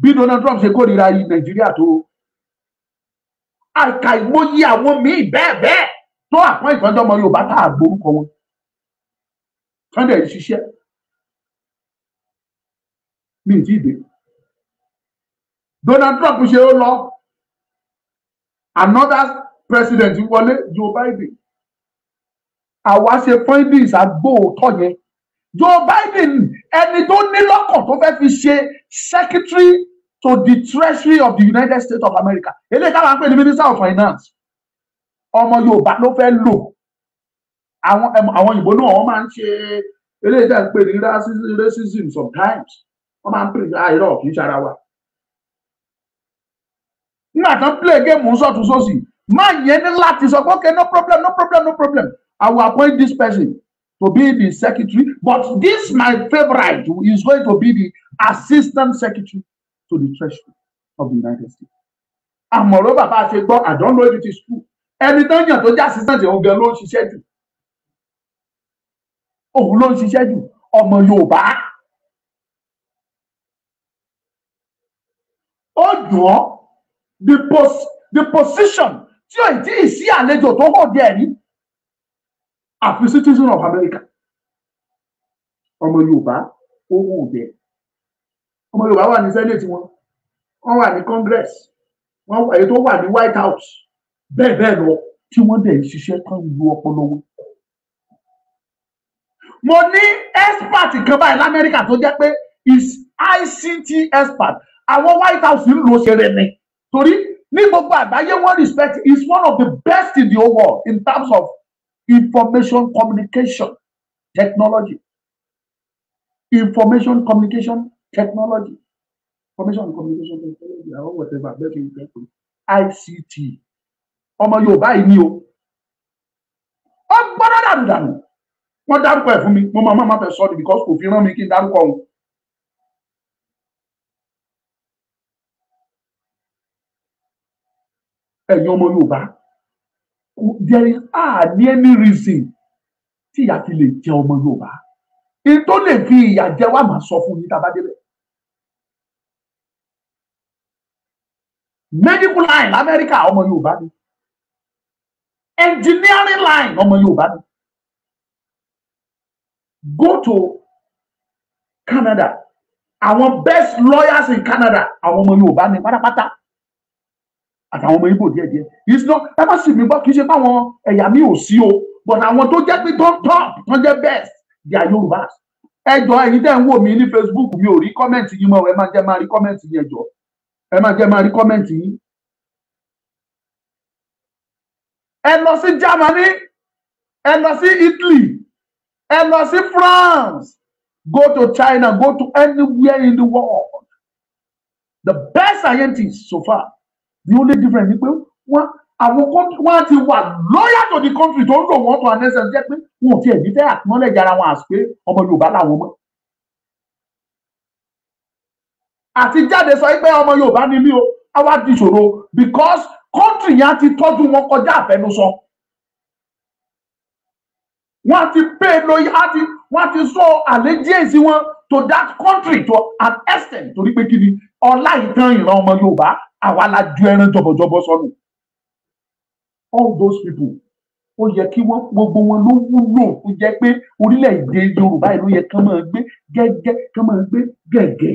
[SPEAKER 1] Bí Donald Trump ṣe kórìíra yìí Nàìjíríà tó àkàìmọye àwọn míì bẹ́ẹ̀ bẹ́ẹ̀ tó àpọ́n ìtọ́jọ́mọ Yorùbá tá a gbórúkọ wọn. Sunday ṣiṣẹ́ mi ì tí ì dé Donald Trump ṣe ó lọ another president wọlé Joe Biden àwa ṣe findings agbóòótọ́ yẹn Joe Biden ẹni tó ní lọ́kàn tó fẹ́ fi ṣe secretary to the treasury of the United States of America eléyìí táwọn pè ní minister of finance ọmọ Yorùbá ló fẹ́ lò àwọn àwọn òyìnbó náà wọ́n máa ń ṣe eléyìí tá à ń pè ní racism sometimes wọ́n máa ń pè á irọ́ kì í ṣara wa. nígbà tán play game ń sọ̀tún sósì má yẹn ní láti sọ pé okay no problem no problem no problem I will appoint this person to be the secretary but this my favourite is going to be the assistant secretary to the treasury of the United States. àmọ̀rọ̀ bàbá àti gbọ́ I don't know if it is true ẹni tó yàn tó jẹ́ assistant òun gan ló ń ṣiṣẹ́ jù òun ló ń ṣiṣẹ́ jù ọmọ Yorùbá. yàn the pos the position tí ò tí ì sí àlejò tó hàn díẹ̀ rí àfi citizen of America ọmọ Yorùbá ó wù bẹ́ẹ̀ ọmọ Yorùbá wà ní senate wọn wọ́n wà ní congress wọ́n wà èyí tó wà ní white house bẹ́ẹ̀ bẹ́ẹ̀ lọ tí wọ́n dẹ̀ ń ṣiṣẹ́ kan lu ọpọlọ wọn. mo ní expert kan báyìí lamẹ́ríkà tó jẹ́ pé is ICT expert àwọn White House ń lo ṣe rẹ ni torí ní gbogbo àgbáyé wọ́n respect is one of the best in the whole world in terms of information communication technology information communication technology information communication technology àwọn wọ̀tẹ́gbà bẹ́ẹ̀ kì í fẹ́ pé ICT ọmọ Yorùbá yìí ni o ọ gbọ́dọ̀ dànù dànù wọ́n dárúkọ ẹ̀ fún mi mo máa má fẹ́ sọ ni because kò fi rán mi kí n dárúkọ òun ẹ̀yin ọmọ Yorùbá there is hardly any reason tí ìyà ti lè jẹ ọmọ Yorùbá in tó lè fi ìyà jẹ wá màá sọ fún yín tá a bá débẹ̀. medical line lamẹ́ríkà ọmọ Yorùbá ni engineering line ọmọ Yorùbá ni go to Canada àwọn best lawyers in Canada àwọn ọmọ Yorùbá ni pátápátá àtàwọn ọmọ Ìgbò díẹ̀ díẹ̀ it's not ẹ má sì mí gbọ́ kì í ṣe báwọn ẹ̀yà mi ò sí o but àwọn tó jẹ́ pé top top tó jẹ́ best they are Yorùbás ẹ jọ ẹ̀yin tẹ́ ń wò mí ní Facebook mi ò rí kọ́mẹ̀ntì yín mọ́ ẹ má jẹ́ máa rí kọ́mẹ̀ntì yín ẹ jọ ẹ má jẹ́ máa rí kọ́mẹ̀ntì yín ẹ lọ sí Germany ẹ lọ sí Italy ẹ lọ sí France go to China go to anywhere in the world the best scientists so far the only difference ni pé wọ́n àwọn country wọ́n ti wà loyal to the country tó ń lò wọ́n tó anẹ́sẹ̀ jẹ́ pé wọn ò tiẹ̀ ní fẹ́ acknowledge ara wọn àti pé ọmọ Yorùbá làwọn mọ́ àti jáde sọ pé ọmọ Yorùbá ni mí o àwa di ìṣòro because country yẹn ti tọ́jú wọn kọjá àfẹnusọ wọ́n ti pay loyalty wọ́n ti sọ allegiance wọn to that country to an extent torí pé kí ni ọlá ìtàn ìran ọmọ Yorùbá àwa la ju ẹran jọbọjọbọ sọnù all those people ó yẹ kí wọn gbogbo wọn ló wúlò tó jẹ pé orílẹ̀-èdè Yorùbá yìí ló yẹ kán máa gbé gẹ́gẹ́ kán máa gbé gẹ́gẹ́.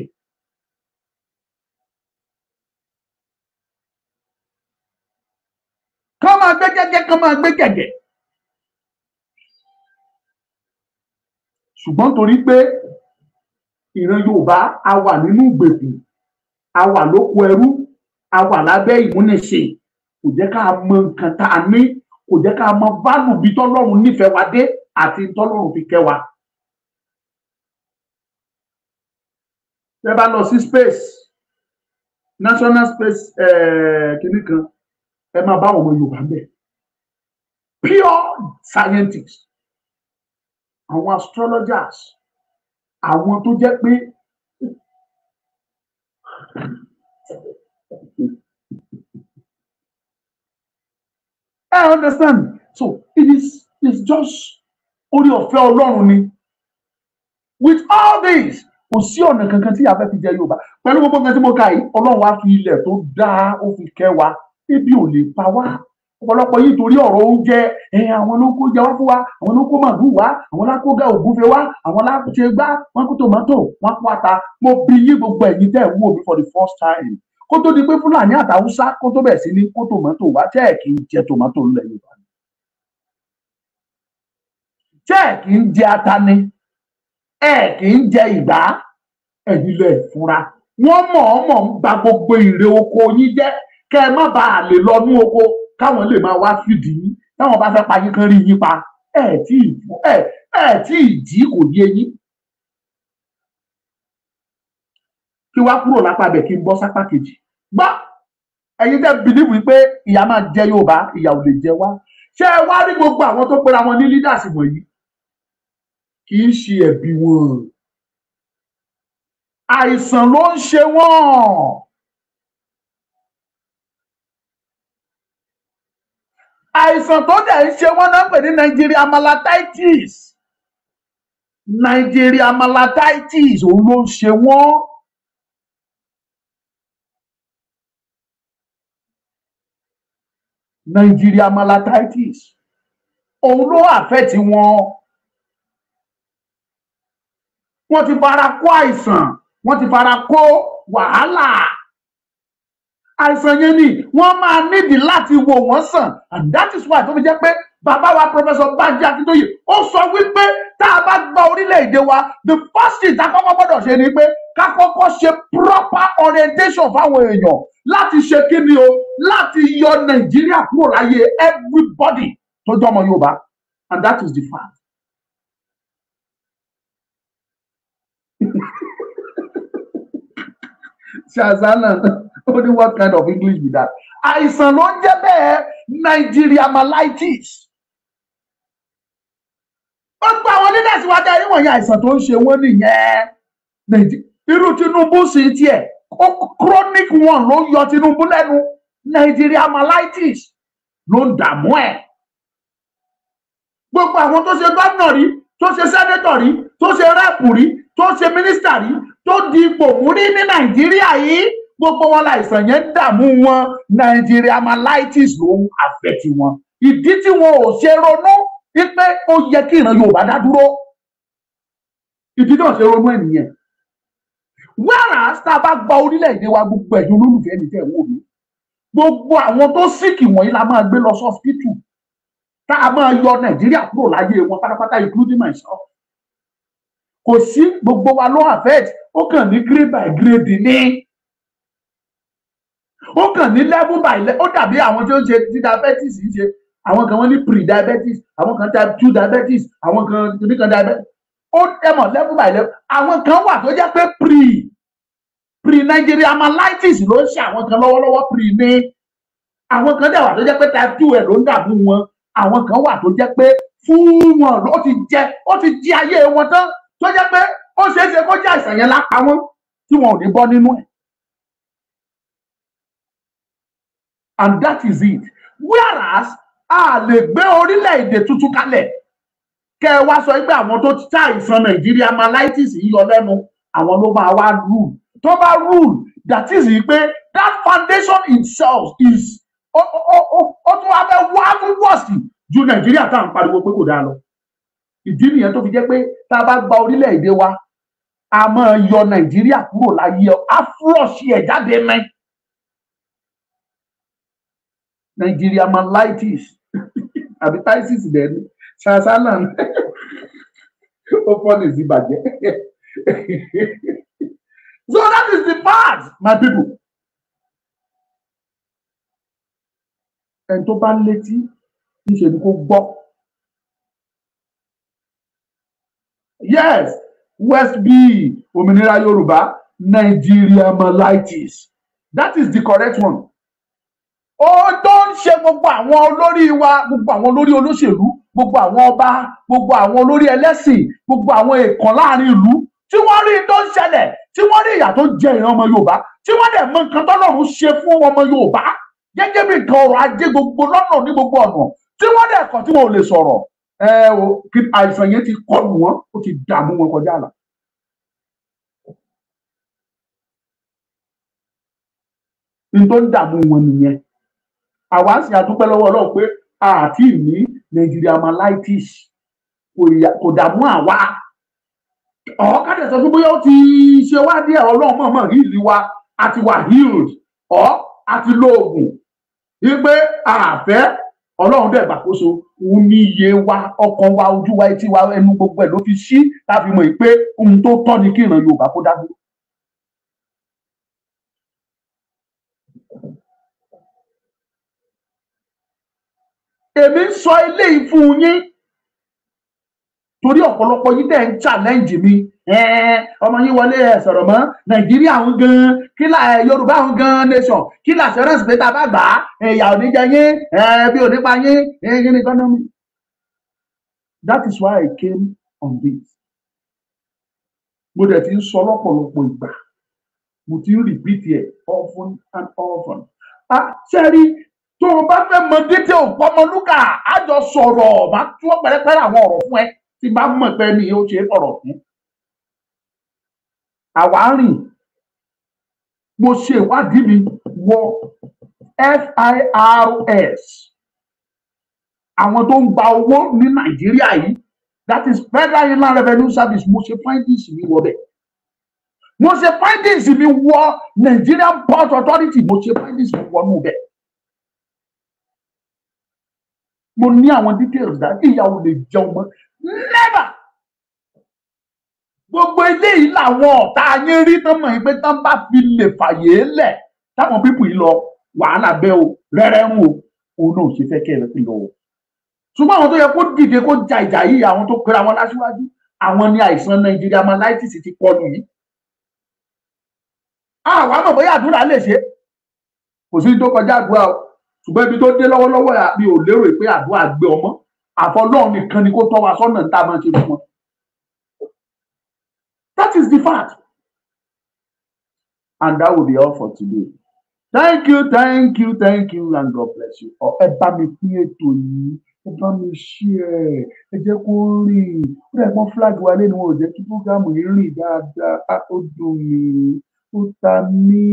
[SPEAKER 1] kán máa gbé gẹ́gẹ́ kán máa gbé gẹ́gẹ́. ṣùgbọ́n torí pé ìran Yorùbá a wà nínú ìgbèkùn a wà lóko ẹrú a wà lábẹ́ ìmúnisìn kò jẹ́ ká mọ nǹkan tá a ní kò jẹ́ ká mọ báàlù bí tọ́lọ́run nífẹ̀ẹ́ wa dé àti tọ́lọ́run fi kẹ́ wa. tẹ́ lọ sí space national space eh, kìíní kan ẹ máa bá ọmọ Yorùbá bẹ̀ pure scientists àwọn astrologers àwọn tó jẹ́ pé I understand. So it is it's just orí ọ̀fẹ́ Ọlọ́run ni. With all this, kò sí ọ̀nà kankan tí a fẹ́ fi jẹ Yorùbá. Pẹ̀lú gbogbo nǹkan tí mo kà yìí, Ọlọ́run wá fi ilẹ̀ tó dáa, ó fi kẹ́ wa. Ebi ò lè pa wá. Ọ̀pọ̀lọpọ̀ yìí torí ọ̀rọ̀ oúnjẹ, ẹ̀yìn àwọn ló kó jẹ wá fún wa, àwọn ló kó màlúù wá, àwọn lá kó ga ògúnfe wá, àwọn lá ṣe gbá, wọ́n kó tòmátò, wọ́n kó ata. Mo bi yí gbogbo ẹ̀yin tẹ́ ẹ̀ wò mí for the first time kó tó di pé fúlàní àtàwùsá kó tó bẹ̀rẹ̀ sí ní kó tòmátò wá tẹ́ẹ̀ kì í jẹ tòmátò ńlẹ̀ yorùbá ni tẹ́ẹ̀ kì í jẹ ata ni ẹ̀ kì í jẹ ìgbá ẹ̀yìn lẹ̀ fúnra wọ́n mọ̀ọ́mọ̀ ń ba gbogbo ìrè oko yín jẹ́ kẹ́ ẹ má bàa lè lọ ní oko káwọn lè máa wá fìdí yín táwọn bá fẹ́ pa yín kán rí yín pa ẹ̀ tí ì jí kò yé yín kí wá kúrò lápá bẹ̀ kí n bọ́ sápá kejì gbọ́ ẹ̀yin tẹ́ bìlíìfù pé ìyá máa jẹ Yorùbá ìyà ò lè jẹ wá ṣé ẹ wá rí gbogbo àwọn tó pera wọn ní leaders wọ̀nyí kì í ṣe ẹ̀bi wọn àìsàn ló ń ṣe wọ́n àìsàn tó dẹ̀ ń ṣe wọ́n náà pè ní Nigeria malatitis Nigeria malatitis òun ló ń ṣe wọ́n. Nigeria malatitis òun ló àfẹ́tì wọn wọ́n ti fara kó àìsàn wọ́n ti fara kó wàhálà àìsàn yẹn ni wọ́n máa nídìí láti wò wọ́n sàn and that is why tó fi jẹ́ pé bàbá wa professor Banji Akintoye ó sọ wípé tá a bá gba orílẹ̀-èdè wa the first thing tá a kọ́kọ́ gbọ́dọ̀ ṣe ni pé ká kọ́kọ́ ṣe proper orientation fáwọn èèyàn láti ṣe kí ni o láti yọ nàìjíríà kúrò láyé everybody tó jọmọ yorùbá and that is the fact. ṣàzánà ó ní what kind of english be that àìsàn ló ń jẹ́ bẹ́ẹ̀ nigeria malaitis ó gba àwọn leaders wa darí wọ̀nyí àìsàn tó ń ṣe wọ́n nìyẹn irú tinubu sí tiẹ̀ chronic one ló yọ Tinubu lẹ́nu Nigeria malaitis ló ń dààmú ẹ̀ gbogbo àwọn tó ṣe gómìnà rí tó ṣe sẹ́nẹ́tọ̀ rí tó ṣe rẹ́pù rí tó ṣe mínísítà rí tó di ipò mú rí ní Nàìjíríà yìí gbogbo wọn láìsàn yẹn dààmú wọn Nàìjíríà malaitis ló ń àfẹ́tì wọn ìdí tí wọn ò ṣe ronú wípé ó yẹ kí ìran Yorùbá dá dúró ìdí tí wọn ṣe ronú ẹ̀ nìyẹn whereas tá a bá gba orílẹ̀-èdè wa gbogbo ẹ̀yin olólùfẹ́ mi tẹ̀ wò mí gbogbo àwọn tó síkì wọ̀nyí la máa gbé lọ sọ́fítù tá a máa yọ nàìjíríà kúrò láyé wọn pátápátá including myself kò sí gbogbo wa ló affect ó kàn ní grade by grade ní ó kàn ní level by level ó dàbí àwọn tí ó ń ṣe ti diabetes yìí ṣe àwọn kan wọ́n ní pre diabetes àwọn kan type two diabetes àwọn kan níkan diabetes ó dẹ̀mọ̀ level by level àwọn kan wà tó jẹ́ pé pre pre Nigeria amalitis ló ń ṣe àwọn kan lọ́wọ́lọ́wọ́ pre ní àwọn kan dẹ̀ wà tó jẹ́ pé type two ẹ̀ ló ń dàbí wọn àwọn kan wà tó jẹ́ pé fún wọn ó ti jẹ ó ti jí ayé wọn tán tó jẹ́ pé ó ṣeé kó jẹ́ àìsàn yẹn lápá wọn tí wọn ò ní bọ́ nínú ẹ̀. and that is it whereas a lè gbé orílẹ̀-èdè tuntun kalẹ̀ kẹ ẹ wá sọ pé àwọn tó tá àìsàn nàìjíríà malaitis yíyọ lẹ́nu àwọn ló máa wá rule tó bá rule that is pé that foundation itself is ó tún wá fẹ́ wá fún wọ́ọ̀sì ju nàìjíríà tá à ń pariwo pé kò dáa lọ ìdí nìyẹn tó fi jẹ́ pé tá a bá gba orílẹ̀-èdè wa a máa yọ nàìjíríà kúrò láyé ọ á fúrọ̀ṣì ẹ̀ jáde mẹ́ nàìjíríà malaitis àbí taisis dẹ́nu sansalan Open fọ́nì sí so that is the part my people ẹni tó bá létí níṣẹ́ ni kó gbọ́ yes west b òmìnira yorùbá nigeria malitis that is the correct one ó tó ń ṣe gbogbo àwọn olórí wa gbogbo àwọn olórí olóṣèlú gbogbo àwọn ọba gbogbo àwọn olórí ẹlẹ́sìn gbogbo àwọn èèkàn láàrin ìlú tí wọ́n rí tó ń ṣẹlẹ̀ tí wọ́n rí ìyà tó jẹ ìran ọmọ yorùbá tí wọ́n dẹ̀ mọ nǹkan tọ́lọ́run ṣe fún ọmọ yorùbá gẹ́gẹ́ bí nǹkan ọrọ̀ ajé gbogbo lọ́nà ní gbogbo ọ̀nà tí wọ́n dẹ̀ kàn tí wọn ò lè sọ̀rọ̀ ẹ o àìsàn yẹn ti kọlù wọn ó ti dààmú wọn kọjá àlà. n tó ń dààmú wọn nìyẹn àwa ń àdúpẹ́ lọ́wọ́ ọlọ́run pé àti ìní Nigeria malaitis kò dààmú àwa ọ̀ọ́kadà sọ pé bóyá ó ti ṣe wá díẹ̀ ọlọ́run mọ̀ọ́mọ̀ híìlì wa àti wà healed ọ́ àti lo oògùn wípé àfẹ́ ọlọ́run dẹ̀ gbàkóso òun ní iye wa ọkàn wa ojú wa etí wa ẹnu gbogbo ẹ̀ ló fi ṣí láfi mọ̀ pé ohun tó tọ́ ni kí ìran yorùbá kó dá èmi ń sọ eléyìí fún yín torí ọ̀pọ̀lọpọ̀ yín tẹ̀ ń challenge mi ọmọ yín wọlé ẹ sọ̀rọ̀ mọ́ nàìjíríà ń gan kílà yorùbá ń gan nation kílà sẹ́rẹ́sì pé tá a bá gbà á ìyà ò jẹ yín bí ò pa yín yín ní gọ́nọ́mì. that is why I came on this. mo dẹ̀ ti ń sọ lọ́pọ̀lọpọ̀ ìgbà mo ti ń repeat it often and often. Ah, ṣé rí tó o bá fẹ́ mọ dété òpó ọmọlúkà á jọ sọ̀rọ̀ má tú ọ̀pẹ̀lẹ́pẹ̀lẹ́ àwọn ọ̀rọ̀ fún ẹ tí bá mọ̀ pé mi ò ṣe ọ̀rọ̀ fún. àwa rìn mo ṣe ìwádìí mi wọ FIRS àwọn tó ń gba owó ní Nàìjíríà yìí that is Federal Inland Revenue Service mo ṣe findings mi wọ bẹ́ẹ̀ mo ṣe findings mi wọ Nigerian Port Authority mo ṣe findings mi wọnú bẹ́ẹ̀. mo ní àwọn details dájú ìyàwó lè jẹun mọ́ never gbogbo eléyìí làwọn ọ̀tá yín rí tán mọ̀ pé tán bá fi lè fàyè lẹ̀ táwọn pípù yìí lọ wàhálà bẹ́ o rẹ́rẹ́rùn o òun náà ṣe fẹ́ kẹ́ ẹ pín lọ́wọ́ ṣùgbọ́n àwọn tó yẹ kó dìde kó ja ìjà yìí àwọn tó pera wọn láṣíwájú àwọn ni àìsàn nàìjíríà malayitis ti kọlù yìí àwọn àmọ̀ bóyá àdúrà lè ṣe kò sí tó kọjá àdúrà o ṣùgbọ́n ibi tó dé lọ́wọ́lọ́wọ́ mi ò lérò pé àdúrà gbé ọmọ àfọlọ́run nìkan ni kó tọ́ wa sọ́nà tá a máa ṣe fún wọn. That is the fact. And that will be all for today. Thank you, thank you, thank you, and God bless you. Ọ ẹ bá mi pín ètò yìí, ẹ bá mi ṣí ẹ, ẹ jẹ́ kó rìn. Ó dẹ̀ mọ́ flag wa lẹ́nu wọn ò jẹ́ kí fúgàmù yìí rìn dáadáa. Ó dùn mí, ó ta mí.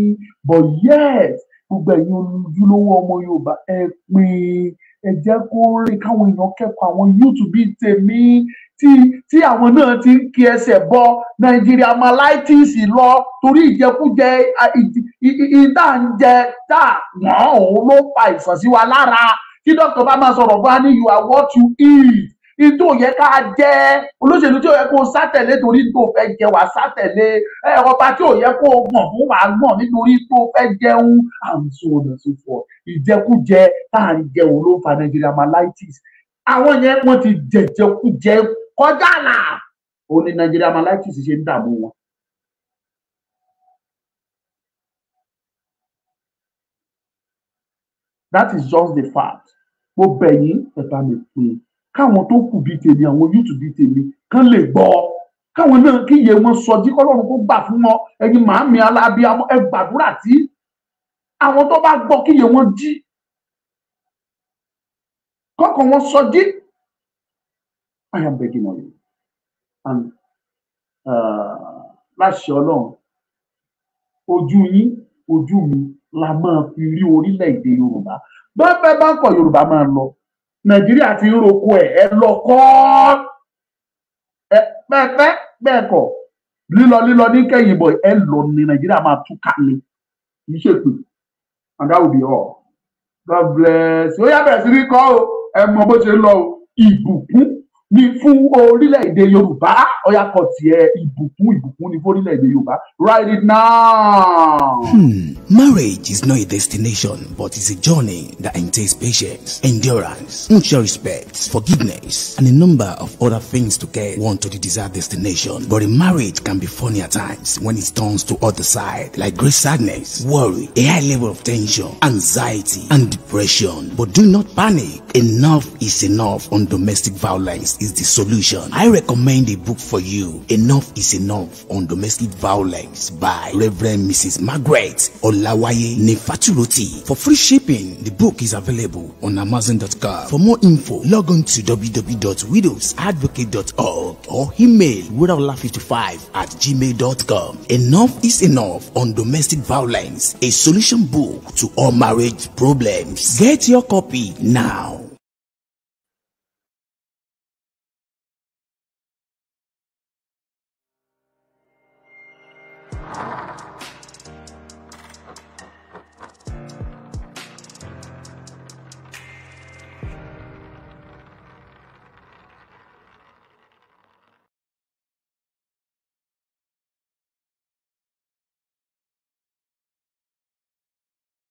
[SPEAKER 1] But yes, gbogbo ẹ̀yin olójúlówó ọmọ yorùbá ẹ pín in ẹ jẹ́ kó rìn káwọn èèyàn kẹ́kọ̀ọ́ àwọn youtube bíi tèmi tí tí àwọn náà ti ń kí ẹsẹ̀ bọ nàìjíríà malaitis lọ torí ìjẹkújẹ ìdá ń jẹ dá wọ́n òun ló fa ìfọ̀síwa lára kí dókítà bá máa sọ̀rọ̀ bá ní you are what you eat ìtò yẹ ká jẹ olóṣèlú tí ò yẹ kó sátẹ̀lé torí tó fẹ́ jẹ wàá sátẹ̀lé ọba tí ò yẹ kó gbọ̀n fún wàá gbọ̀n nítorí tó fẹ́ jẹun àǹsùn ọ̀nà ṣòfò ìjẹkújẹ tá à ń jẹ òun ló ń fa Nigeria malaitis àwọn yẹn wọ́n ti jẹjẹkújẹ kọjá là òun ni Nigeria malaitis ṣe ń dààmú wọn. that is just the fact mo bẹ̀ yín ẹ mi pín káwọn tó kù bíi tèmi àwọn yúùtù bíi tèmi kán lè gbọ́ káwọn náà kí iye wọn sọ jí kọ́lọ́run kó gbà fún wọn ẹ̀yin màámi alábíàmọ ẹ gbàdúrà tí àwọn tó bá gbọ́ kí iye wọn jí kọ́kàn wọn sọ jí I am begging on you and uh, láṣẹ Ọlọ́run ojú yín ojú mi la máa fi rí orílẹ̀-èdè Yorùbá bẹ́ẹ̀ bá ń kọ Yorùbá máa ń lọ nàìjíríà ti ń roko ẹ̀ ẹ lọ kọ́ ẹ pẹ́ẹ́pẹ́ bẹ́ẹ̀ kọ́ lílọ lílọ ní kẹ́yìn bọ̀ ẹ lọ ní nàìjíríà máa túká ni kì í ṣèpè and that will be all god bless ó yá bẹ̀rẹ̀ sí ní kọ́ o ẹ mọ bó ṣe lọ ìbùkún ni fún orílẹ̀-èdè yorùbá ọ̀yà kọ̀ tiẹ̀ ìbùkún ìbùkún ni fún orílẹ̀-èdè yorùbá right now. Hmm. marriage is not a destination but it's a journey that entails patience endurance mutual respect forgiveness and a number of other things to get one to the desired destination but a marriage can be funny at times when it turns to other side like great sadness worry a high level of tension anxiety and depression but do not panic enough is enough on domestic violence is the solution. I recommend a book for you, Enough is Enough on Domestic Violence by Reverend Mrs. Margaret Olawaye Nefaturoti. For free shipping, the book is available on Amazon.com. For more info, log on to www.widowsadvocate.org or email widowla55 at gmail.com. Enough is Enough on Domestic Violence, a solution book to all marriage problems. Get your copy now.